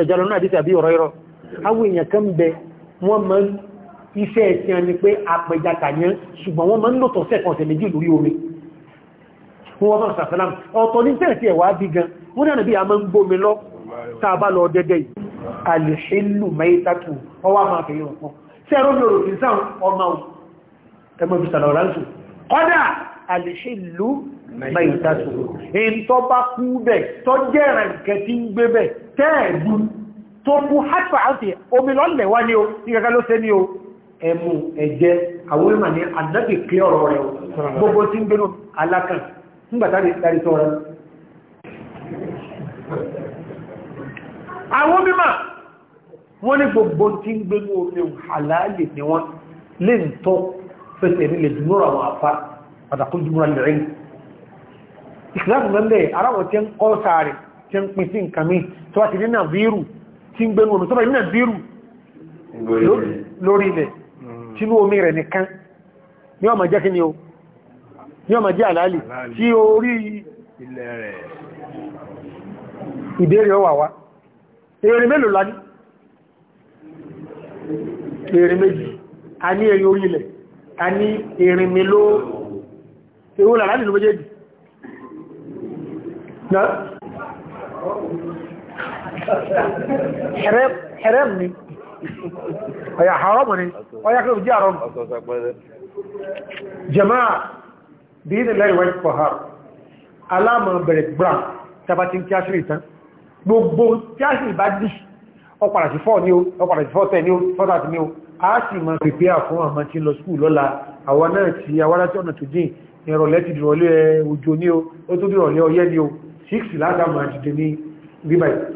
ẹ̀jọ́ lọ́nà àdísì àbí ọ̀rọ̀ ìrọ̀ àwọn èèyàn kan bẹ wọ́n mọ́ iṣẹ́ ẹ̀sìn ni pé apẹja tàyẹn ṣùgbọ́n wọ́n mọ́ ń lòtọ̀ sẹ́kàn ọ̀sẹ̀ méjì lórí omi wọ́n mọ́ sàfẹ́lám ọ̀tọ̀ ní tẹ́ẹ̀sì ẹ̀wà bí gan wọ́n dànà bí a mọ́ ń gbómi lọ tàbá lọ dẹ́dẹ́ alìṣẹ́lù mẹ́tàtù ọwá máa fẹ́ yọ kan sẹ́rọ mi òrò ìsàn ọmọ ẹmọ́ tẹ́ẹ̀dù tó kú hátfà áti omi lọ́lẹ̀ wá ní o ìgagá ló sẹ́ ní o ẹmù ẹ̀jẹ́ àwọn ìmà ní àdábì pé ọ̀rọ̀ rẹ̀ gbogbo tí ń gbénú alákan nígbàtàrí ìtàrí tó rẹ̀ àwọn mímà wọ́n ní gbogbo tí ń gbénú omi àlàálì ni wọ́n lè ń tọ́ fẹ́sẹ̀ nílẹ̀ jùmọ́ àwọn àfá pàtàkùn jùmọ́ lẹ́rìn ìkìlá tó wá ti ní nàbírù tí ń gbénu omi tó bá ní nàbírù lórí ilẹ̀ tínú omi rẹ̀ nìkan ní ọmọ jẹ́ kí ni o ní ọmọ jẹ́ àlàálì tí orí ilẹ̀ rẹ̀ ìbéèrè ọwà wá èrè mélòó lá ní èrè méjì a ní ẹ̀yìn orí ilẹ̀ a ní haram ni ọ̀yà haram ni ọ̀yà kí o jẹ́ haram jama'a bí ní lẹ́rìwá ìfọ̀hár aláàmà bẹ̀rẹ̀ brown tàbátí kí a ṣe ìtàn gbogbo tí a ṣe ìbá dì ọpàdà sí 4 ní o ọpàdà Four ten ní o 4 ní o a sì máa prepare fún àmà tí lọ skúù lọ́la àwọn náà ti awárá tí ọ̀nà tó dín ìrọ̀lẹ́ ti dìrọ̀lẹ́ ojú ní o ó tó dìrọ̀lẹ́ ọyẹ́ ní o 6 látàmà jìdẹ̀ ní bíbáyìí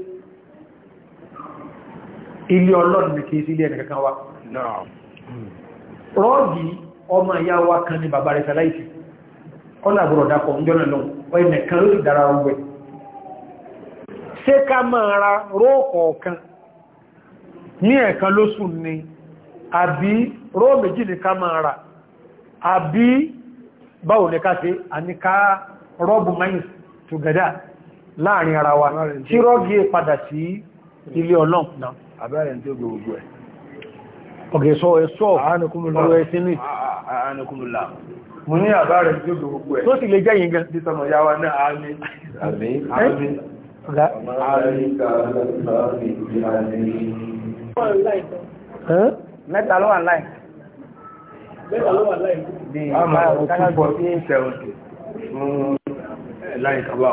ilé ọlọ́run ní kìí sí ilé ẹnìkankan wa rọ́ọ̀gì ọmọ ìyá wa kan ní bàbá rẹ̀ sàláìsì kọ́nà àbúrò dapọ̀ ń jọ́nà lọ́wọ́ ẹnìkan ló sì dára ọgbẹ̀ ṣé ká máa ra róòkọ̀ọ̀kan ní ẹ̀kan lóṣù ni àbí róò méjì ní ká máa ra àbí báwo lè ká ṣe àníká rọ́ọ̀bù máyìn tùgẹ́dà láàrin ara wa tí rọ́ọ̀gì padà sí ilé ọlọ́run. abẹ́rẹ́ ní tó gbogbo ẹ̀. ọ̀gẹ̀ sọ ẹ sọ ọ̀rọ̀ ẹ sínú ìtì. mo ní àbárẹ̀ tó gbogbo ẹ̀. tó sì lè jẹ́ yìí gan. títọ́mọ̀ yá wa náà àmì àmì àmì mẹ́ta ló wà láì. mẹ́ta ló wà láì. bí i ọmọ ọkùnrin fọ́ sí ìṣẹ̀wọ̀n láì kàwà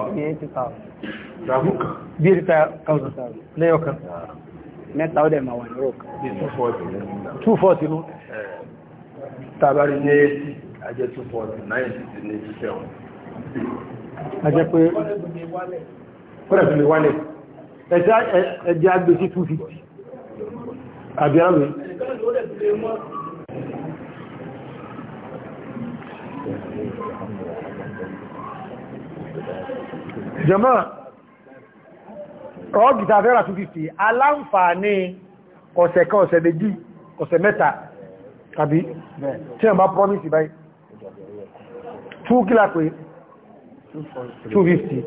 ràbù kan bí i ta thousand lẹ́yọ kan mẹ́ta ó dẹ̀ ma wà ní rọ̀ kan 240 nú tàbárí ní 80 ajẹ́ 249 ní ṣíṣẹ́ wọn ajẹ́ pé kọ́lẹ̀bìnrin wálẹ̀ ẹjẹ́ agbé sí 250 àbí àmì jama rọ́ọ̀gì tá a fẹ́ rà 250 aláǹfààní ọ̀sẹ̀ kan ọ̀sẹ̀ méjì ọ̀sẹ̀ mẹ́ta tàbí tí wọ́n bá promise báyìí 2 kílà pé 250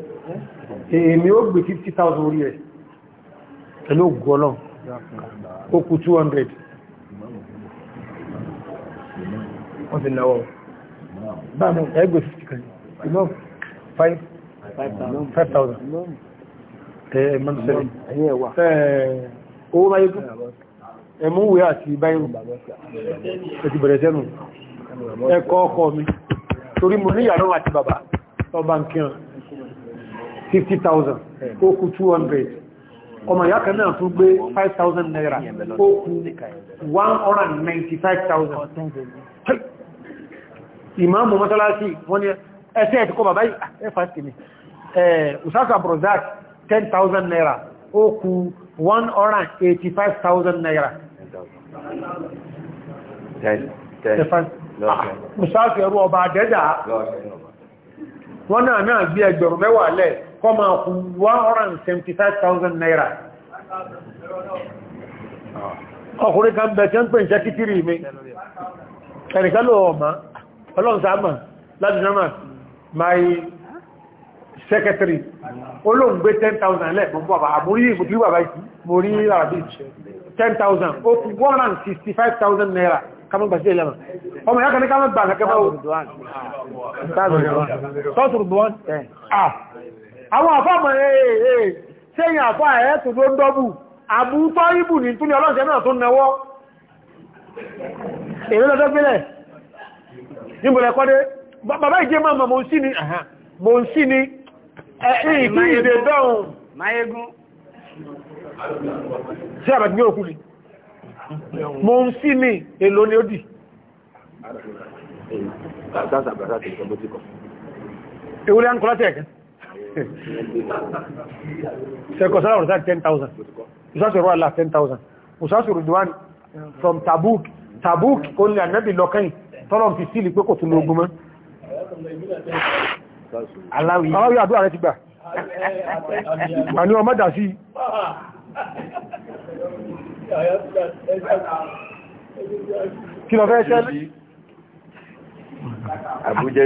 èmi ó gbé 50,000 orí ẹ̀ pẹ̀lú ògùn ó kù 200 wọ́n ti náwọ́ báyìí ẹgbẹ̀ 50 kan 5,000 owó báyé tó ẹ̀múwé àti báyìí ẹ̀tì bẹ̀rẹ̀ sẹ́nu ẹ̀kọ́ ọkọ̀ mi torí mo ní ìyàrá àti ọmọ ìyá kan náà tún gbé 5,000 naira ó kú 195,000 ìmáàmù mọ́sálásí wọ́n ni ẹ̀sẹ̀ ẹ̀tì kọ bàbá ah, ẹ̀fà sí mi ẹ̀ 10,000 naira ó kù 85,000 naira ah, mùsáàfì ẹ̀rù ọba àdẹ́dà wọ́n náà náà gbé ẹgbẹ̀rún mẹ́wàá lẹ̀ kọ́ máa kù 175,000 naira ah. ọkùnrin kan bẹ̀ tí ó ń pè ń jẹ́ kítírì mi ẹnìkan lò ọmọ ọlọ́nsá mọ̀ láti náà my secretary olóògbé 10,000 lẹ́ mọ́ bàbá àmúrí ìmúdí bàbá ìtì mo rí àbí 10,000 ó kù 165,000 naira kamar gbàsí ẹlẹ́mà ọmọ ìyá kan ní kamar gbà kẹfà òdùdùwán àwọn àfọ́mọ̀ ẹ̀ẹ́ sẹ́yìn àfọ́ ẹ̀ẹ́tù ló ń dọ́bù àbútọ́ ìbù ní túnlẹ̀ ọlọ́sẹ̀ náà tó nẹwọ́ èrè lọ́dọ́ gbélẹ̀ níbùlẹ̀ kọ́dé bàbá ìjẹ́ máa mọ̀ mọ̀ sí ni ìkí ìdè dọ́hùn mayegun sí àbàgbé òkú lè mo ń sí mi èlò ni ó dì ìwúlẹ̀ ń kọ́lá tẹ́ẹ̀kẹ́ sẹ́kọ̀ sára ọ̀rọ̀sá 10,000 ìsáṣòro àlà 10,000 ìsáṣòro duwan from Tabuk Tabuk ó ní ànẹ́bì lọ́kẹ́yìn tọ́lọ̀ fi sílì pé kò tún lógún mọ́ aláwí àdúrà rẹ ti gbà (laughs) àní ọmọ dà sí kí lọ fẹ́ ṣẹ́lẹ̀ Abuja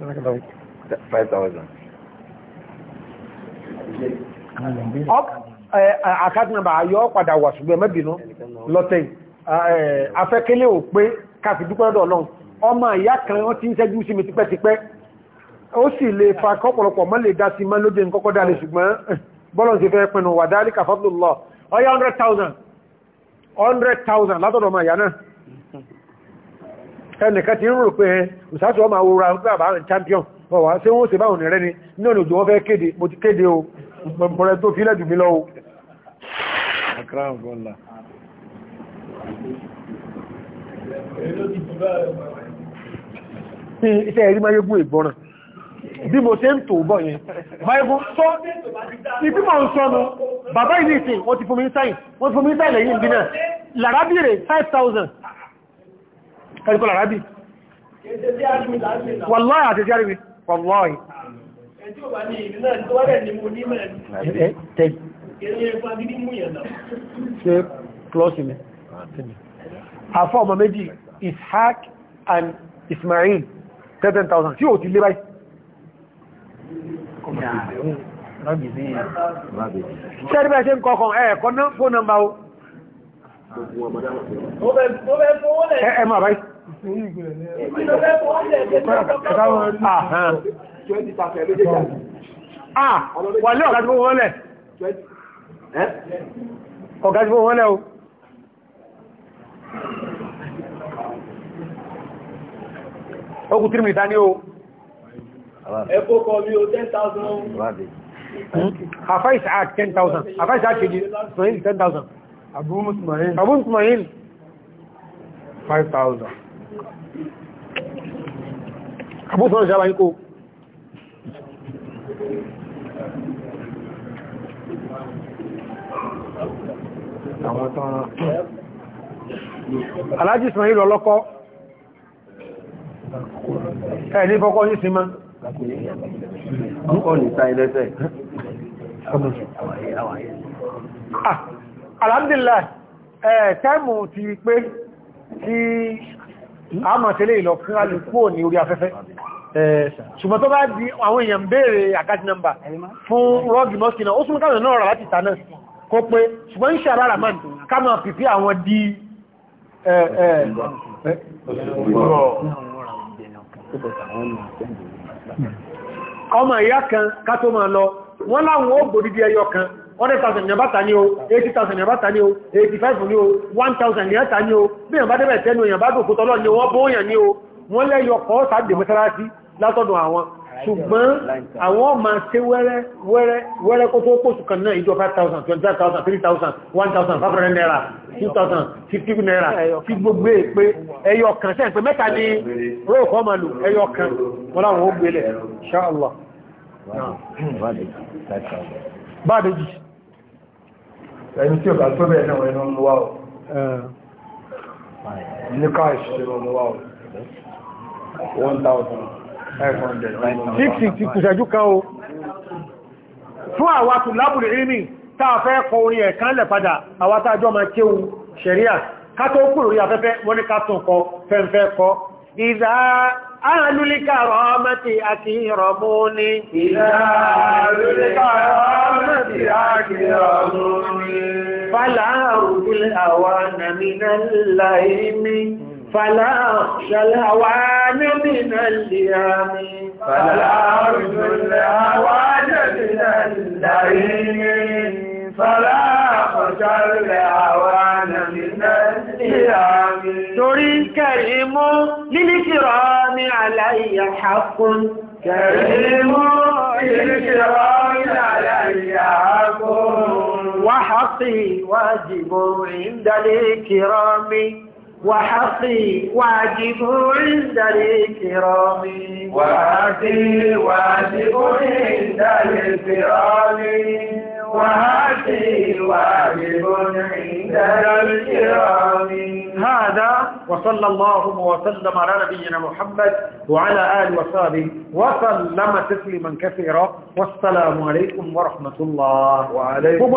5,000 àkáàtì nàbà ayọ́ padà wà ṣùgbọ́n mẹ́bìnú lọ́tẹ̀ afẹ́kẹ́lẹ́ ò pé káàkiri dúpẹ́ lọ́dọ̀ ọlọ́run ọmọ ìyá kan wọ́n ti ń ṣẹ́jú sí mi tipẹ́tipẹ́ ó sì lè fa kọ́pọ̀lọpọ̀ mọ́ lè dá sí mọ́ lóde ń kọ́kọ́ dálé ṣùgbọ́n bọ́lọ̀n sí fẹ́ pinnu wà dálé kàfàtùlọ́ ọya 100,000 100,000 látọ̀dọ̀ ma yàná ẹnìkan ti ń rò pé ìsáṣọ́ ọmọ awòrò àwọn àbáhàn champion ọwà sí wọ́n sì báhùn rẹ̀ ni ní ọ̀nà òjò wọ́n fẹ́ kéde mo ti kéde o mọ̀rẹ̀ o iṣẹ́ ẹ̀rí máa yógún bí mo ṣe ń tò bọ̀ yẹn bible sọ ibi mọ̀ ń sọnu bàbá ìlú ìsìn wọ́n ti fún mi ń sáì wọ́n ti fún mi ń sáì lẹ́yìn ìbí náà làrábì rẹ̀ 5,000 kẹ́lùkọ́ làrábì wàláì àti tí a rí wàláì ṣe klọ́sì mi àfọ́ ọmọ méjì Ishaq and Ismail 10,000 tí ó ti lé báyìí ṣẹ́rí bẹ́ẹ̀ ṣe ń kọkàn ẹ̀ẹ̀kọ́ náà fún nọmbà o ẹ máa báyìí wà ní ọ̀gá tí wọ́n lẹ̀ ọ̀gá tí wọ́n lẹ̀ o ó kù tírí mìta ní o ẹ̀kọ́ kọ mi o 10,000 àfá ìsáàk 10,000 àfá ìsáàk kejì ismail 10,000 abu ismail 5,000 abu sọ́rọ̀ ṣe àbáyíkó àwọn tán alájí ismail ọlọ́kọ́ ẹ̀ ní fọ́kọ́ ní sinmi mú ọ̀nì ta ilẹ́sẹ̀ ah, alhamdulillah ẹ̀ tẹ́mù ti pé kí a mọ̀ tẹ́lẹ̀ ìlọ fún alùkúò ní orí afẹ́fẹ́ ṣùgbọ́n tó bá di àwọn èèyàn béèrè àkájì nọ́mbà fún rọ́gì mọ́sílẹ̀ ó súnmọ́ káàkiri náà rà láti tà náà kó pé ṣùgbọ́n ń ṣe ara ràmán ká máa pipi àwọn di ẹ̀ẹ̀ ọmọ ìyá kan kátó máa lọ wọ́n láwọn ó gbòdìdí ẹyọ kan 100,000 ní ọbátà ní o 80,000 ní ní o 85 ní o 1,000 ní o bí bá débẹ̀ tẹ́nu ni wọ́n bóòyàn ní o wọ́n lẹ́yọ kọ́ sáàdì mẹ́sára sí àwọn ṣùgbọ́n àwọn ọmọ tí wẹ́rẹ́ wẹ́rẹ́ wẹ́rẹ́ kó tó pòsù kan náà ìjọ 5,000 25,000 3,000 1,000 500 naira 2,000 50 naira tí gbogbo èpé ẹyọ kan sẹ́ pé mẹ́ta ní róòkọ́ ma lò ẹyọ kan wọ́n láwọn ó gbélẹ̀ ṣáàlá báàdójì ẹni tí ò bá tó bẹ̀ẹ̀ náà ẹnu ọmọ wa ọ̀ ní káàṣì ọmọ wa ọ̀ 1,000 660 kùsẹ̀jú kan o fún àwa tó lábùrù ìrìnì táà fẹ́ kọ orin ẹ̀kan lẹ̀ padà àwa tájọ́ ma kéwu ṣẹ̀ríà kátó kúrò rí afẹ́fẹ́ wọ́n ní kátún kọ fẹ́ǹfẹ́ kọ ìdá ààlúlíkà rọ́mọ́tì àti ìrọ̀mú ní ìdá ààlúlíkà rọ́mọ́tì àti ìrọ̀mú ní فلا أخشى الهوان من الليام فلا أرجو الهوان من الليم فلا أخشى الهوان من الليام تري الكريم للكرام علي حق كريم للكرام علي حق وحقي واجب عند الكرام وحقي واجب عند الكرام وحقي واجب عند الكرام وحقي واجب عند الكرام هذا وصلى الله وسلم على نبينا محمد وعلى آله وصحبه وسلم تسليما كثيرا والسلام عليكم ورحمة الله وعليكم